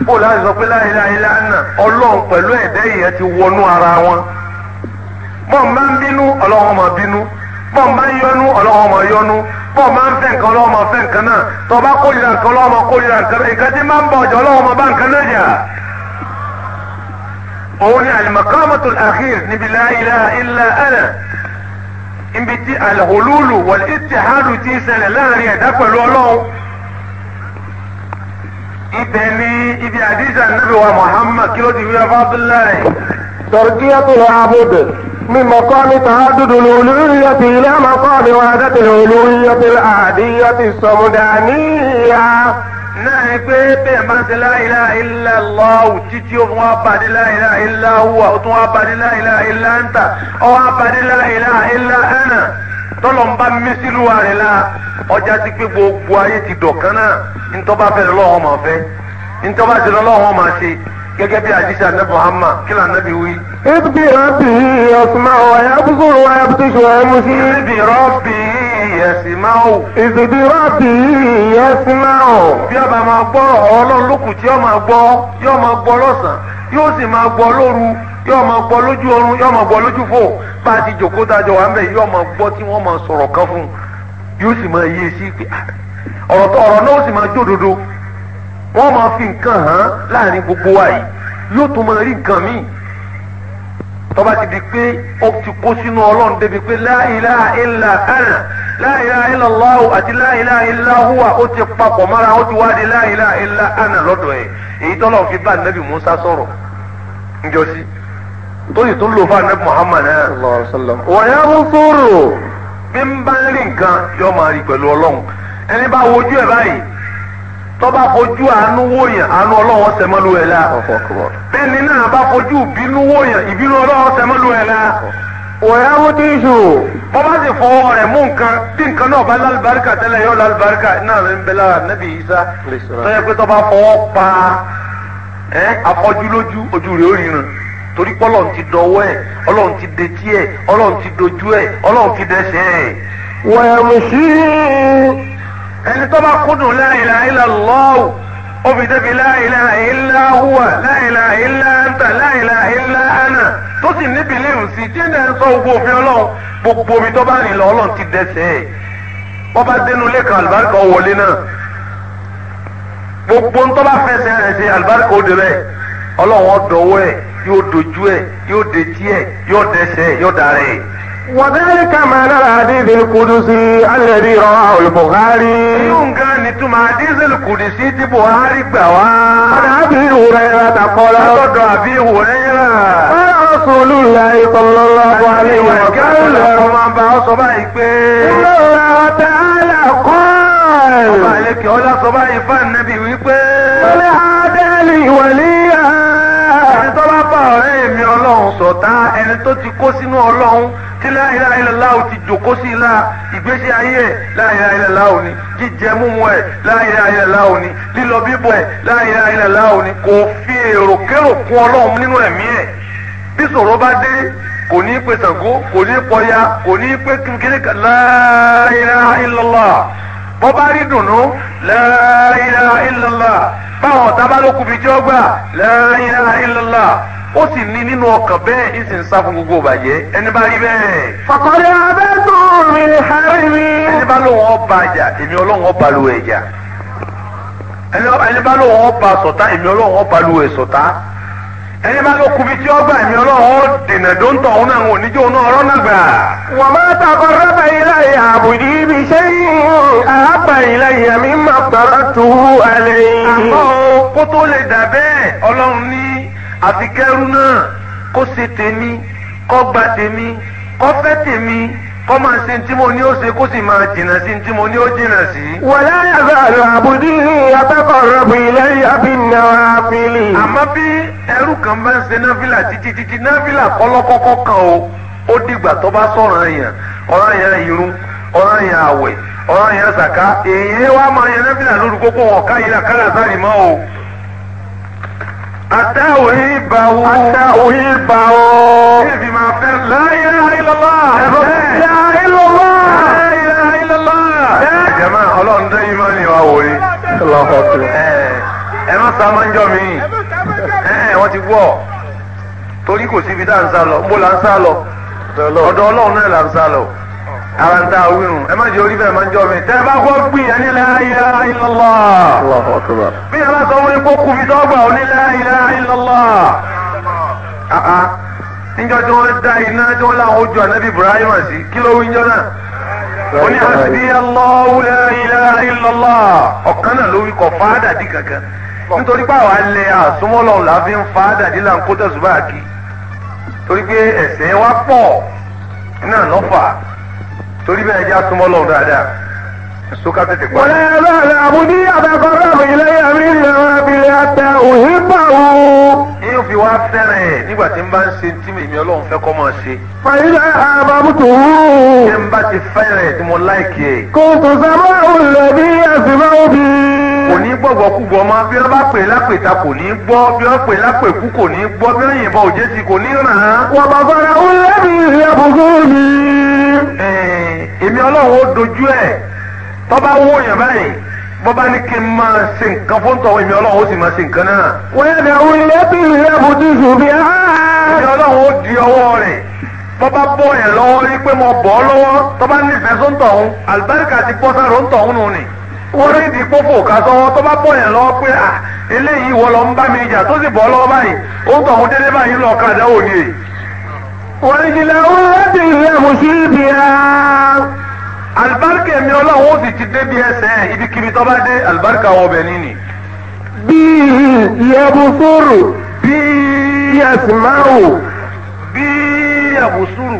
bó láti sọ pé láìláì lánà ọlọ́run pẹ̀lú ẹ̀dá èèyàn ti wọnú ara wọn bọ́n bá ń bínú ọlọ́run máa bínú bọ́n bá ń yọnú ọlọ́run máa yọnú bọ́n bá ń fẹ́ nǹkan ọlọ́run máa fẹ́ nǹkan náà tó bá kórìíra nǹkan ọlọ́run máa kórìíra nǹkan náà nǹkan tí máa ń bọ̀ ọ̀jọ̀ ọlọ́run máa bá nǹkan náà jà òun ni alimakamatul akhir níbi láìlá ilá ẹ̀nà ibi tí alhululu wal إدلي إدي عزيز النبي ومحمد كيلو دي يا فاضل الله ترقية العبد من مقام تعدد الألوهية إلى مقام وحدة الألوهية الأعدية السودانية náà نعم، pé لا إله إلا الله ilá lọ لا إله إلا هو bàdé láìlá لا إله إلا أنت ń tà ó لا إله إلا أنا tọ́lọ̀ ń bá mísílùwà rẹ̀ la ọjà ti pé gbogbo ayé ti dọ̀kan náà ntọ́ba fẹ́rẹ̀ lọ́wọ́ máa fẹ́ ntọ́ba ti lọ́wọ́ máa ṣe gẹ́gẹ́ bí àdìsí anabi muhammad kí ló anabi wí. ibi rọ́bì yasma'u wa yabsuru wa yabtishu wa yamusi. ibi rọ́bì yasma'u. ibi rọ́bì yasma'u. bí ọba máa gbọ́ ọlọ́run lókùn tí ọ máa gbọ́ yóò máa gbọ́ lọ́sàn-án. yóò sì máa gbọ́ lóru yóò máa gbọ́ lójú oorun yóò máa gbọ́ lójú fò bá a ti jòkó dájọ wà mẹ́ yóò máa gbọ́ tí wọ́n máa sọ̀rọ̀ kan fún un yóò sì máa yé e sí pé ah, ọ̀rọ̀ tó ọ̀rọ̀ náà fi nǹkan hàn láàrin gbogbo wa yìí yóò tún máa rí nǹkan míì tọ́ba ti di pé ó ti kó sínú ọlọ́run débi ana àti ó ti papọ̀ mọ́ra ó ti wá di fi bá Musa sọ̀rọ̀. njọsi tó sì tún lò fún anabi muhammad náà wọ́n yà mú sóró bí n bá rí nǹkan yóò máa rí pẹ̀lú ọlọ́run ẹni bá wojú ẹ̀ báyìí tó bá fojú àánú wòyàn àánú ọlọ́run ọ̀sẹ̀ mọ́lú ẹ̀ la bẹ́ẹ̀ni náà bá fojú ìbínú wòyàn ìbínú ọlọ́run ọ̀sẹ̀ mọ́lú ẹ̀ la wọ́n yà mú tíṣù bọ́ bá sì fọwọ́ rẹ̀ mú nǹkan tí nǹkan náà bá lálùbáríkà tẹ́lẹ̀ yóò lálùbáríkà náà ń bẹ lára nẹ́bí Isa tó yẹ pé tó bá fọwọ́ pa ẹ afọjú lójú ojú rẹ ó ríran torí pé ọlọ́run ti dọwọ́ ẹ̀ ọlọ́run ti detí ẹ̀ ọlọ́run ti dojú ẹ̀ ọlọ́run ti dẹsẹ̀ ẹ̀. wẹ̀rù sí i. ẹni tó bá kúndùn la ilaha illallah ó fi débi la ilaha illa huwa la ilaha illa anta la ilaha illa ana tó sì ní bìlíìfù sí tí sọ gbogbo òfin ọlọ́run gbogbo omi tó bá rìn lọ ọlọ́run ti dẹsẹ̀ ẹ̀. wọ́n bá dénú lẹ́kàn àlùbáríkà wọlé náà gbogbo ntọ́ba fẹsẹ̀ rẹ̀ ṣe alibarika ó débẹ̀ ọlọ́run ọ̀dọ́wọ́ ẹ̀ yóò dojú ẹ̀ yóò detí ẹ̀ yóò dẹsẹ̀ yóò darẹ̀. وذلك ما نرى حديث القدسي الذي رواه البخاري يمكن نتما حديث القدسي البخاري بوا عن ابي هريره قال ابي هريره قال رسول الله صلى الله عليه وسلم إن الله تعالى قال ọba àlekè ọlá sọ báyìí fáàn nẹ́bí wípé. wọlé adẹ́lì wàlíyà. ẹni tó bá bá ọ̀rẹ́ mi ọlọ́run ṣọ̀tá ẹni tó ti kó sínú ọlọ́run tí láìláà ìlàláwò ti jòkó sí ilá ìgbésí ayé ẹ̀ láìláà ìlàláwò ni jíjẹ múmu ẹ̀ láìláà ìlàláwò ni lílọ bíbọ̀ ẹ̀ láìláà ìlàláwò ni kò fi èrò kérò kún ọlọ́run nínú ẹ̀mí ẹ̀ bí ṣòro bá dé kò ní pe Ṣàngó kò ní pọya kò ní pe kíkiri kan láìláà ìlàláwò bó bá rí dùnú la ilaha illallah báwọn ọ̀tá bá lókun fi jọ́ gbà la ilaha illallah ó sì ní nínú ọkàn bẹ́ẹ̀ ìsì ń sá fún gbogbo ìbàjẹ́ ẹni bá rí bẹ́ẹ̀. fàkọ́rẹ́ abẹ́tún mi hárí mi. ẹni bá lóun ọba àjà èmi ọlọ́run ọba lu ẹ̀jà ẹni bá lóun ọba sọ̀tá èmi ọlọ́run ọba lu ẹ̀ ẹni bá ló kubi tí ó gbà ní ọlọ́run dènà tó ń tọ̀ ọ́n náà òní jó ọ̀rọ̀ náà gbà. wọ́n ilé àbùdí ibi iṣẹ́ yìí àbà ilé ìyá mi máa tọ̀rọ̀ tó alẹ́ yìí. àmọ́ kó tó lè dà bẹ́ẹ̀ ọlọ́run ní náà kó tèmi kọ́ máa ṣe tí mo ní ó ṣe kó sì máa jìnnà sí tí mo ní ó jìnnà sí. wàlá yàrá àlọ́ àbùdí ni abẹ́kọ̀ rọ̀bù ilẹ̀ yàbí náà fìlì. àmọ́ bí ẹrú kan bá ń ṣe náfìlà títí títí náfìlà kọ́lọ́kọ́kọ́ kan o ó dìgbà tó bá sọ̀rọ̀ yẹn ọ̀rọ̀ yẹn irun ọ̀rọ̀ yẹn àwẹ̀ ọ̀rọ̀ yẹn sàká èyí wá máa yẹn náfìlà lórí kókó ọ̀ká yìí làkàlà sáré mọ́ o. àtàwé ìbà wo àtàwé ìbà wo. ẹ má sá máa ń jọ mí wọ́n ti gbọ́ torí kò síbi tá à ń sá lọ mo là ń sá lọ ọ̀dọ̀ ọlọ́run náà là ń sá lọ ara ń ta awírun ẹ má jẹ orí bẹ́ẹ̀ máa ń jọ mi tẹ́ ẹ bá gbọ́ gbìn ẹni la ilaha illallah bí ẹ bá sọ wọlé kó kú fi sọ́gbà ó ní la ilaha illallah níjọ́ tí wọ́n dá iná tí wọ́n láwọn ojú ànábì Ibrahim sí kí ló wí ń náà ó ní hasbi Allahu la ilaha illallah ọ̀kan náà lórí kọ̀ fáádà dì kankan nítorí pé àwa lẹ àsomọ́lọ́hùn la fi ń fáádà dì là ń kó tẹ̀sùbà kì torí pé ẹ̀ṣẹ̀ wa pọ̀ náà lọ́fà torí bẹ́ẹ̀ jẹ́ àsomọ́lọ́hùn dáadáa sókà tètè pa. wọlé ẹlọ rẹ àbúdí àtàkọrọ àbẹyẹlẹ àmì ìlànà àbílẹ àtà òhìnbà wò. yóò fi wá fẹ́rẹ̀ ẹ̀ nígbà tí n bá ń ṣe tí èmi ọlọ́run fẹ́ kọ́ máa ṣe. fàyílẹ̀ àbábùtò wúrò. ṣé n bá ti fẹ́rẹ̀ tí mo láìkì ẹ̀. kò tó sábà òlẹ̀ bí ẹ̀sìn máa ń bí. kò ní gbọ̀gbọ̀ kú gbọ́ ma bí wọ́n bá pè lápèta kò ní gbọ́ bí wọ́n pè lápèkú kò ní gbọ́ bí wọ́n yìnbọn òjé ti kò ní ràn án. wọ́n bá fara òlẹ̀ bí ìyàbùkún mi. èmi ọlọ́run ó dojú ẹ̀ tọ́ba wó yàn báyìí bọ́ba ní kí n máa ṣe nǹkan fún tọ́ èmi ọlọ́run ó sì máa ṣe nǹkan náà. wọ́n yà wọ́n ilé bí ilé àbójú ìṣòbí á. èmi ọlọ́run ó di ọwọ́ rẹ̀ bọ́ba bọ́ yẹn lọ́wọ́ rí pé mo bọ́ lọ́wọ́ tọ́ba nífẹ̀ẹ́ sóńtọ̀ ọ̀hún àlùbáríkà ti pọ́ sára òǹtọ̀ ọ̀hún nù ni wọ́n rí di pópò ká sọ́wọ́ tó bá bọ̀ yẹn lọ pé ah, eléyìí wọ́n lọ ń bá mi jà tó sì bọ́ lọ́wọ́ báyìí ó ń tọ̀hún délé báyìí lọ ọ̀kadà òní. wọ́n ti lọ wọ́n ti rí àmùsí ibi rà alibarika mi ọlọ́run ó sì ti de bí ẹsẹ̀ ibikíbi tó bá dé alibarika wọ bẹ̀ nínì. bíi yabusuru. bíi yasimaru. bíi yabusuru.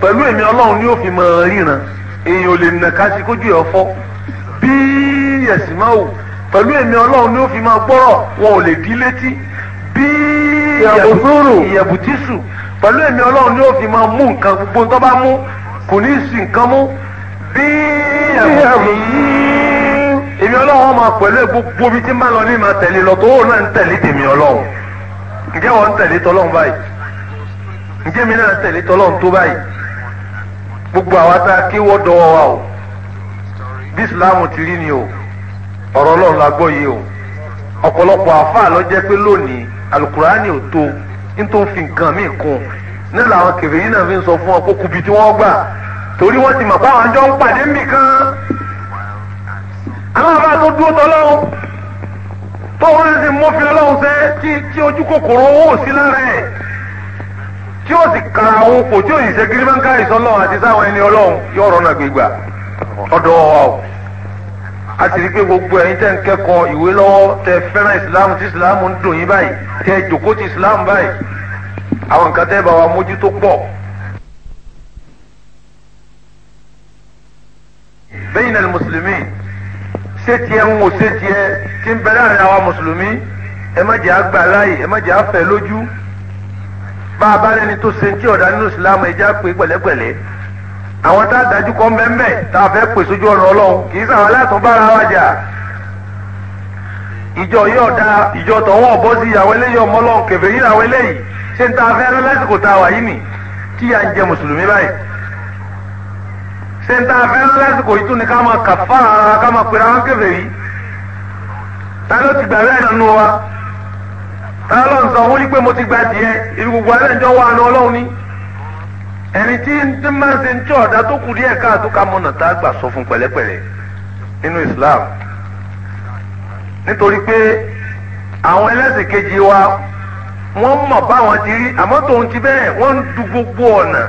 pẹ̀lú èmi ọlọ́run ni ó fi máa ríran èèyàn ò lè nà ká sí kójú ẹ̀ fọ́. bíi yasimaru. pẹ̀lú èmi ọlọ́run ni o fi máa gbọ́rọ̀ wọn ò lè dí létí. bíi yabusuru. yabutisu. pẹ̀lú èmi ọlọ́run ni ó fi máa mú nǹkan gbogbo tó mú kò ní í nǹkan mú. èmi ọlọ́run máa pẹ̀lú ẹ̀ omi tí ń bá lọ ní máa tẹ̀lé lọ tó ó náà ń tẹ̀lé tèmi wọ́n ń tẹ̀lé báyìí ǹjẹ́ náà ń tẹ̀lé tó báyìí gbogbo àwa tá a wa o bí ti rí ni o ọ̀rọ̀ ọlọ́run o ọ̀pọ̀lọpọ̀ àfáà lọ jẹ́ pé lónìí alukurani ò tó nítorí fi nǹkan míì kún nílò àwọn náà fi ń sọ fún ọ torí wọ́n ti mọ̀ pé àwọn jọ ń pàdé mbì kan àwọn bá tó dúró tọ́lọ́hún tó wọ́n ti mọ́fin ọlọ́hún sẹ́ kí tí ojú kòkòrò owó tí ó sì ka àwọn tí ò gírí báńkà àti sáwọn ẹni gbégbà ọ̀dọ̀ wa o a ti rí pé gbogbo islam tí islam ń dùn yín báyìí islam báyìí àwọn nǹkan tẹ́ bá wa mójútó pọ̀ bẹ́yìn náà mùsùlùmí ṣé tiẹ̀ ń wò ṣé tiẹ̀ tí ń bẹ láàrin àwa mùsùlùmí ẹ má jẹ́ àgbà láàyè ẹ má jẹ́ àfẹ́ lójú a bá lẹ́ni tó ṣe tí ọ̀dà nínú ìsìlámù ẹja pé pẹ̀lẹ́pẹ̀lẹ́ àwọn tá a dájú kọ́ mbẹ́mbẹ́ tá a fẹ́ pè sójú ọ̀nà ọlọ́run kì í sàwọn aláàtún bára wa jà ìjọ yóò da ìjọ tọ̀wọ́ ọ̀bọ sí ìyàwó eléyìí ọmọ ọlọ́run kẹfẹ́ yìí làwọn eléyìí ṣé ń ta afẹ́ lásìkò tá a wà yìí nì tí à ń jẹ mùsùlùmí báyìí ṣe ń tá a fẹ́ lásìkò yìí tún ni ká máa kàfá ara ká máa pera wọn kébè yìí ta ló ti gbà bẹ́ẹ̀ nínú wa ta ló ń sọ wọ́n ní pé mo ti gba tiẹ̀ ìlú gbogbo alẹ́ ìjọ wà ní ọlọ́run ní ẹni tí ń máa ń ṣe ń tí ọ̀dà tó kù díẹ̀ káàtó ká mọ̀nà tá a gbà sọ fún pẹ̀lẹ́pẹ̀lẹ́ nínú Islam nítorí pé àwọn ẹlẹ́sìn kejì wa wọ́n mọ̀ báwọn ti rí àmọ́ tòun ti bẹ́ẹ̀ wọ́n du gbogbo ọ̀nà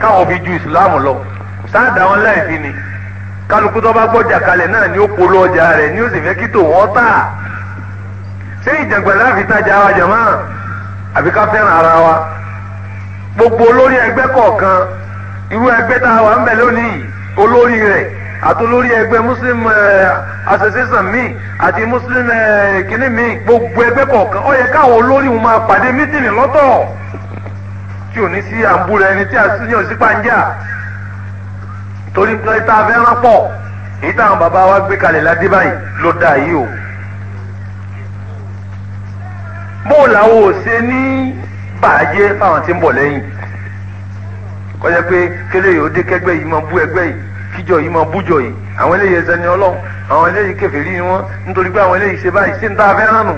káwọn fi ju Islam lọ. táàdà a wọn láì ni kálukú tó bá gbọ́jà kalẹ̀ náà ni ó polo ọjà rẹ̀ ni ó sì fẹ́ kí tòun tà ṣé tajà wa jàmá àbí ká ara wa gbogbo olórí ẹgbẹ́ kọ̀ọ̀kan irú ẹgbẹ́ tá a wà ń bẹ̀ lónìí olórí rẹ̀ àti olórí ẹgbẹ́ muslim eh, association mi àti muslim eh, kìnnì mi gbogbo ẹgbẹ́ kọ̀ọ̀kan ó yẹ káwọn olórí wọn máa pàdé mítìnì lọ́tọ̀ tí ò ní sí ẹni tí torí pé tá a fẹ́ rán pọ̀ èyí táwọn bàbá wa gbé kalẹ̀ ládé báyìí ló dá yìí o. bóò làwọn ò ṣe ní bàjẹ́ fáwọn tí ń bọ̀ lẹ́yìn kọjá pé kélé yìí ó dé kẹgbẹ́ yìí máa bú ẹgbẹ́ yìí kíjọ yìí máa bújọ yìí àwọn eléyìí ẹsẹ̀ ni ọlọ́run àwọn eléyìí kèfèrí ni wọ́n nítorí pé àwọn eléyìí ṣe báyìí sí ní tá a fẹ́ ránu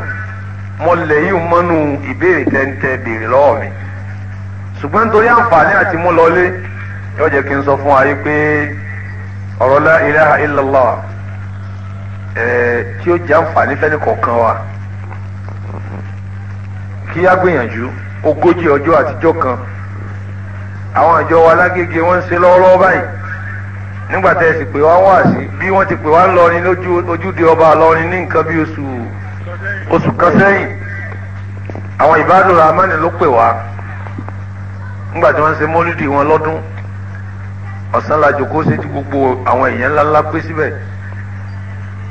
mo lẹ́yìn mọ́nú ìbéèrè tẹ́ntẹ́ béèrè lọ́wọ́ mi ṣùgbọ́n nítorí àǹfààní àti mú lọlé yóò jẹ́ kí n sọ fún wa yìí pé ọ̀rọ̀ la ilaha illallah tí ó jẹ́ fẹ́ni kọ̀ọ̀kan wa kí á gbìyànjú ogójì ọjọ́ àtijọ́ kan àwọn àjọ wa lágége wọ́n ń ṣe lọ́wọ́lọ́wọ́ báyìí nígbà tẹ́ ẹ sì wá ti pè wá lójú ọba ní nǹkan bí kan sẹ́yìn àwọn ìbádùn ramani ló pè wá nígbà tí wọ́n ń ọ̀sán la jòkó sí ti gbogbo àwọn èèyàn ńláńlá pé síbẹ̀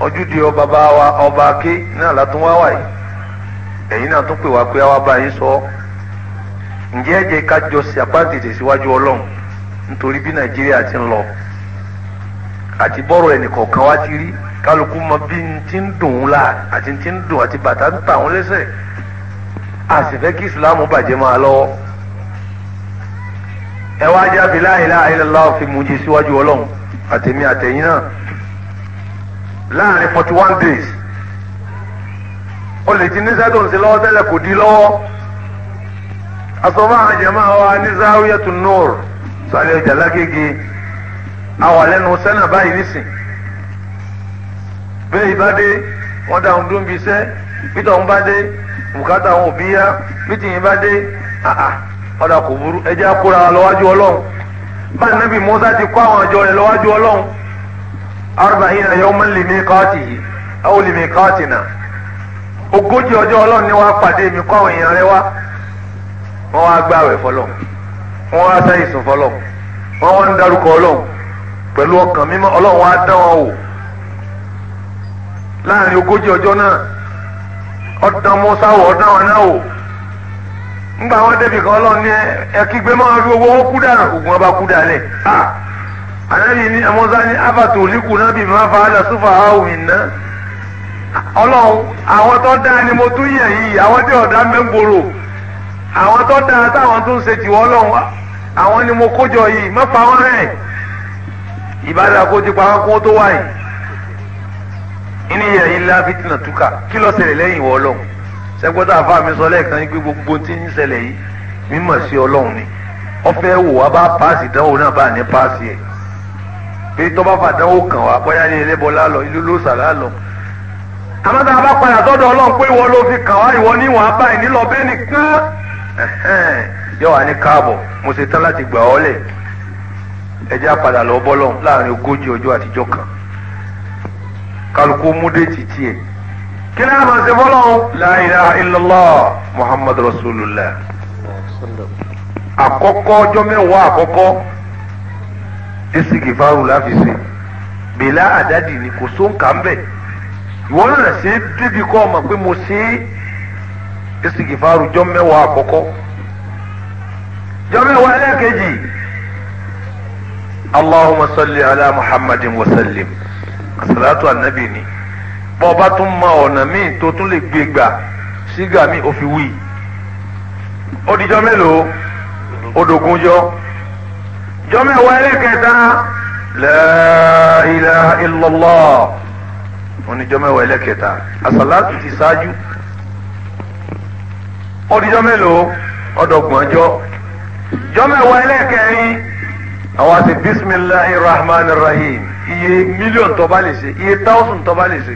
ojúde ọba bá wa ọba aké náà látún wá wáyé ẹ̀yin náà tún pè pé àwa bá sọ ǹjẹ́ ẹ jẹ́ sí síwájú ọlọ́run nítorí ti lọ àti bọ́rọ̀ ẹnìkọ̀ọ̀kan wá ti rí kálukú mọ bí n ti ń la àti ti ń dùn àti bàtà ń tà wọn lẹ́sẹ̀ àsìfẹ́ kí ìsìlámù ẹ wá jẹ́ àfi la ilaha illallah fi mú jí síwájú ọlọ́run àtẹ̀mí àtẹ̀yìn náà láàrin forty one days ó lè ti níṣẹ́ tó ń ṣe lọ́wọ́ tẹ́lẹ̀ kò di lọ́wọ́ asọ́mọ́ àjẹmọ́ àwa ní Zawiyatu Nur sọ́lẹ̀ ọjà lágége àwà lẹ́nu sẹ́nà báyìí nísìn bẹ́ẹ̀ ìbádé wọ́n dá ohun dúró ń bí iṣẹ́ bí tọ̀hún bá dé bùkátà àwọn òbí yá bí tìyín bá dé àà. ọ̀dà kò burú ẹjẹ́ akóra lọ́wájú ọlọ́run bá nàbì Mùsá ti kó àwọn àjọ rẹ̀ lọ́wájú ọlọ́run arba'ina yawman li miqatihi aw li miqatina ogójì ọjọ́ ọlọ́run ni wàá pàdé mi kó àwọn èèyàn rẹ wá wọ́n wá gbààwẹ̀ fọlọ́run wọ́n wá sáyẹ̀sùn fọlọ́run wọ́n wá ń darúkọ ọlọ́run pẹ̀lú ọkàn mímọ́ ọlọ́run wá dán wọn wò láàrin ogójì ọjọ́ náà ọ̀dàn ngba wọn débi kan lọ ní ẹ kígbe máa rí owó wọn kú dànù ògùn ọba kú dànù ha ni amọ́sá ni abatu oníkù náà bí ma fa ala sufa awo iná ọlọ́run àwọn tó dáa ni mo tún yẹ̀ yìí àwọn tí ọ̀dà mẹ́ngboro àwọn tó dáa táwọn tó ń ṣe tìwọ́ ọlọ́run àwọn ni mo kójọ yìí má fa wọn rẹ̀ ìbára kó ti pa wọn kó tó wáyé ìníyẹ̀ yìí la fitinà túkà kí ló lẹ́yìn ìwọ ọlọ́run sẹ́gbọ́n tá a fà mí sọ lẹ́ẹ̀kan yìí pé gbogbo tí ń ṣẹlẹ̀ yìí mímọ̀ sí ọlọ́run ni ọfẹ́ wò wá bá paasi ìdánwò náà bá ní paasi ẹ̀ pé tọ́ba fàdánwò kàn wá bóyá ní ẹlẹ́bọ lálọ ìlú lóṣà lálọ. àmọ́ tá a bá padà sọ́dọ̀ ọlọ́run pé ìwọ ló fi kàn wá ìwọ ní ìwọ̀n abáyé nílọ bẹ́ẹ̀ nìkan yọ wá ní káàbọ̀ mo ṣe tán láti gbà ọ́ lẹ̀ ẹjẹ́ àpàdà lọ bọ́lọ́run láàrin ogójì ọjọ́ àtijọ́ kan kálukú múdé títí ẹ̀ kí ni a máa ṣe fọlọ́hún la ilaha illallah muhammadu rasulullah àkọ́kọ́ ọjọ́ mẹ́wàá àkọ́kọ́ esigifaru la fi ṣe bela adadi ni kò sóńkà ń bẹ̀ ìwọ́n náà ṣe débi kọ́ ọ ma pé mo ṣe esigifaru jọ́ mẹ́wàá àkọ́kọ́ jọ́ mẹ́wàá ẹlẹ́kejì allahumma salli ala muhammadin wa sallim asalatu annabi ni bọ́ ọba tún mọ ọ̀nà míì tó tún lè gbé gbà sígà míì ó fi wí. ó di jọ́ mélòó odògùn jọ jọ́ mẹ́wàá ẹlẹ́kẹta la ilaha illallah wọ́n ní jọ́ mẹ́wàá ẹlẹ́kẹta àsàlátù ti ṣáájú ó di jọ́ mélòó ọdọ̀gbọ̀n jọ jọ́ mẹ́wàá ẹlẹ́kẹrin àwọn àti bismillahir rahmanir rahim iye mílíọ̀nù tó bá lè ṣe iye táwùsùn tó bá lè ṣe.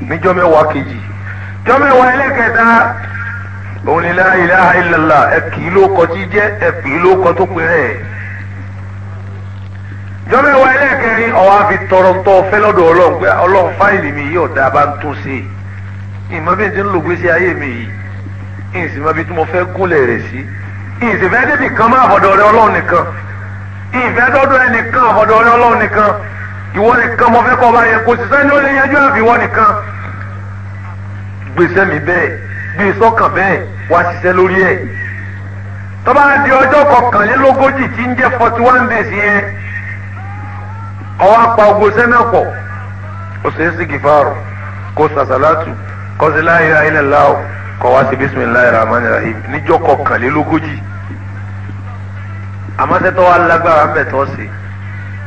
níjọ́ mẹ́wàá kejì jọ́ mẹ́wàá ẹlẹ́kẹta òun ni la ilaha illallah ẹ kì í lóko tí jẹ́ ẹ kì í tó mẹ́wàá fi tọrọ tọ́ mi yóò dá a bá ń ti ń lo gbèsè ayé mi yìí rẹ̀ sí ìsìn fẹ́ débi kan má rẹ nìkan rẹ nìkan ìwọ nìkan mo fẹ́ kọ́ ọba yẹn kò sì sẹ́ni ó lè yanjú àfi ìwọ nìkan gbèsè mi bẹ́ẹ̀ gbé sọ́kàn bẹ́ẹ̀ wá ṣiṣẹ́ lórí ẹ̀ tọ́ba di ọjọ́ kọkànlélógójì tí ń jẹ́ forty one days yẹn ọwọ́ apá ogo sẹ́nà pọ̀ ó ṣe é sí gifaro kó sàṣàlátù kó sí la ilaha illallah kó wá sí bismillahir Rahman rahim níjọ́ kọkànlélógójì àmọ́ sẹ́tọ́ wa lágbára mẹ́tọ́ sí i.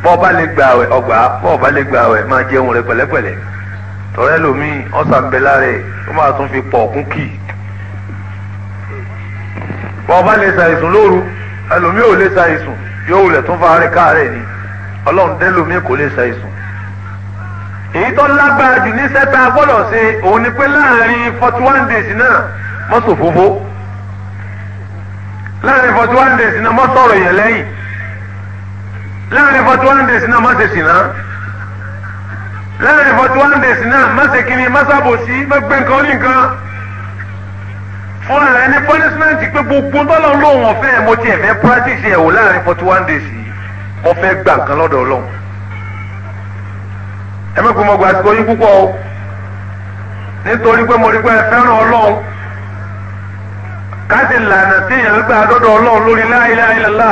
bọ́ọ̀bá lè gba àwẹ̀ ọgbà bọ́ọ̀bá lè gba àwẹ̀ máa jẹun rẹ pẹ̀lẹ́pẹ̀lẹ́ tọ́rẹ́ lomi ọ̀sán ó tún fi pọ̀ kún kì í. bọ́ọ̀bá lè ṣàìsùn lóru ẹlòmí ò lè yóò wulẹ̀ tún fa rẹ̀ ni ọlọ́run lomi kò lè forty one days náà fòfó forty one days náà láàrin forty one days náà má ṣe sìn náà láàrin forty one days náà má ṣe kiri má ṣàbòsí má gbé nǹkan orí nǹkan fún ara ẹni punishment pé gbogbo bọ́lá lóun ọ̀fẹ́ mo tiẹ̀ fẹ́ practice ẹ̀wò láàrin forty one days yìí mo fẹ́ gbà nǹkan lọ́dọ̀ ọlọ́run ẹ mẹ́kun mo gbà àsìkò yín púpọ̀ o nítorí pé mo rí pé ẹ fẹ́ràn ọlọ́run ká sì lànà sí ìyàwó gbà lọ́dọ̀ ọlọ́run lórí la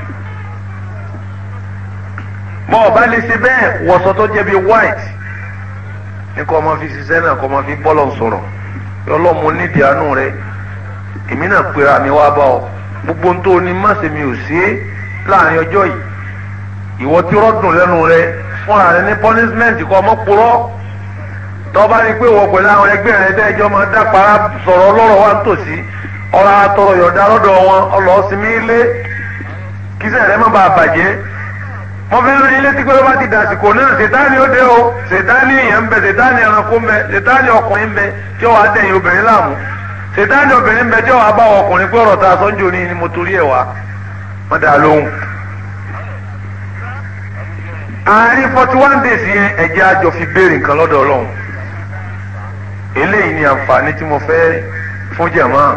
bọ́ ọ bá lè ṣe bẹ́ẹ̀ wọ̀sọ tó jẹ́ bí white ní kọ́ ọmọ fi ṣiṣẹ́ náà kọ́ ọmọ fi bọ́lọ̀ sọ̀rọ̀ ọlọ́mọ nídìí àánú rẹ èmi náà pera mi wá bá ọ gbogbo ń tó ní máṣe mi ò sí láàrin ọjọ́ yìí ìwọ tí rọ́dùn lẹ́nu rẹ fúnra rẹ ní punishment ọmọ purọ́ tọ́ba ni pé pẹ̀lú àwọn ẹgbẹ́ rẹ máa dápara sọ̀rọ̀ wa tòsí ọ̀rọ̀ àtọ̀rọ̀ lọ́dọ̀ wọn ọlọ́ọ̀sìn mi lé kíṣẹ́ rẹ má bàa mo fi ń rí létí pé ó bá ti dàsìkò náà ṣètáni ó dé o ṣètáni èèyàn ń bẹ ṣètáni ẹranko ń bẹ ṣètáni ọkùnrin ń bẹ tí ó wàá tẹ̀yìn obìnrin láàmú ṣètáni obìnrin ń bẹ tí ó wàá bá ọkùnrin pé ọ̀rọ̀ ta sọ́njú ni mo torí ẹ̀ wá wọ́n dà lóhùn. àárín forty one days yẹn ẹ̀jẹ̀ àjọ fi béèrè nǹkan lọ́dọ̀ ọlọ́run eléyìí ni àǹfààní tí mo fẹ́ fún jàmáà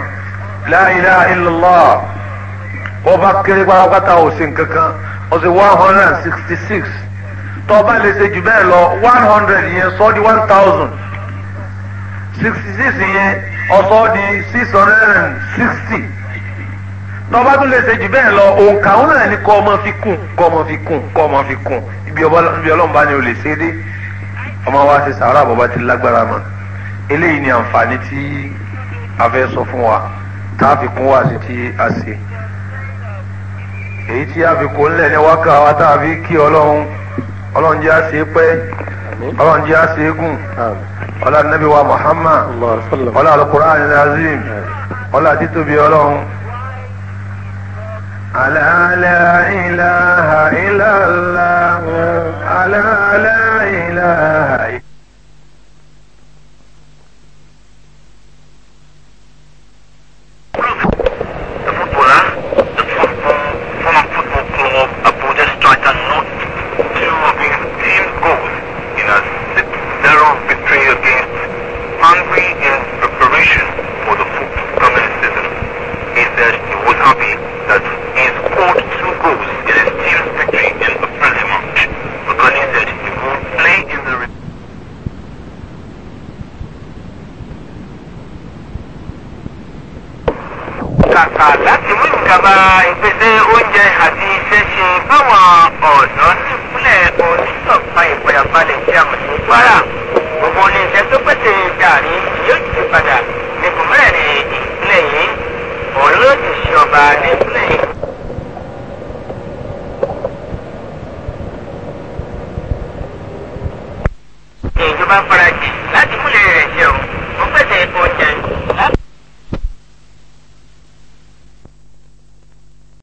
la ọba kéré pátápátá ò ó ṣe one hundred and sixty six tó bá lè ṣe lọ one hundred yẹn sọ di one thousand sixty six yẹn ó sọ di six hundred and sixty tó bá tún lè ṣe jù lọ òǹkà òun náà ni kọ́ ọmọ fi kún kọ́ ọmọ fi kún kọ́ ọmọ fi kún ibi ọlọ́mọba ni o lè ṣe dé ọmọ wa ṣe sàárà bọ́ba ti lágbára mọ́ eléyìí ni àǹfààní tí a fẹ́ sọ fún wa tá a fi kún wá sí tí a ṣe èyí tí a fi kó ńlẹ̀ ní wákà wa tá a fi kí ọlọ́run ọlọ́run jẹ́ àṣẹ pẹ́ ọlọ́run jẹ́ àṣẹ gùn ọlá nàbí wa Muhammad ọlá alukur'an azim ọlá títóbi ọlọ́run. Ala la ilaha illallah Ala la ilaha. bàbá ìpèsè oúnjẹ àti iṣẹ́ ṣe báwọn ọ̀dọ́ nípínlẹ̀ onítọ̀pá ìfọyàbalẹ̀ tí a mọ̀ sí kwara gbogbo oníṣẹ́ tó pèsè gàrí yóò ti padà ní kòmẹ́rẹ̀ ìpínlẹ̀ yìí òun ló ti ṣe ọba nípínlẹ̀ yìí. ìjọba farajì láti múlẹ̀ rẹ̀ jẹun ó pèsè oúnjẹ láti.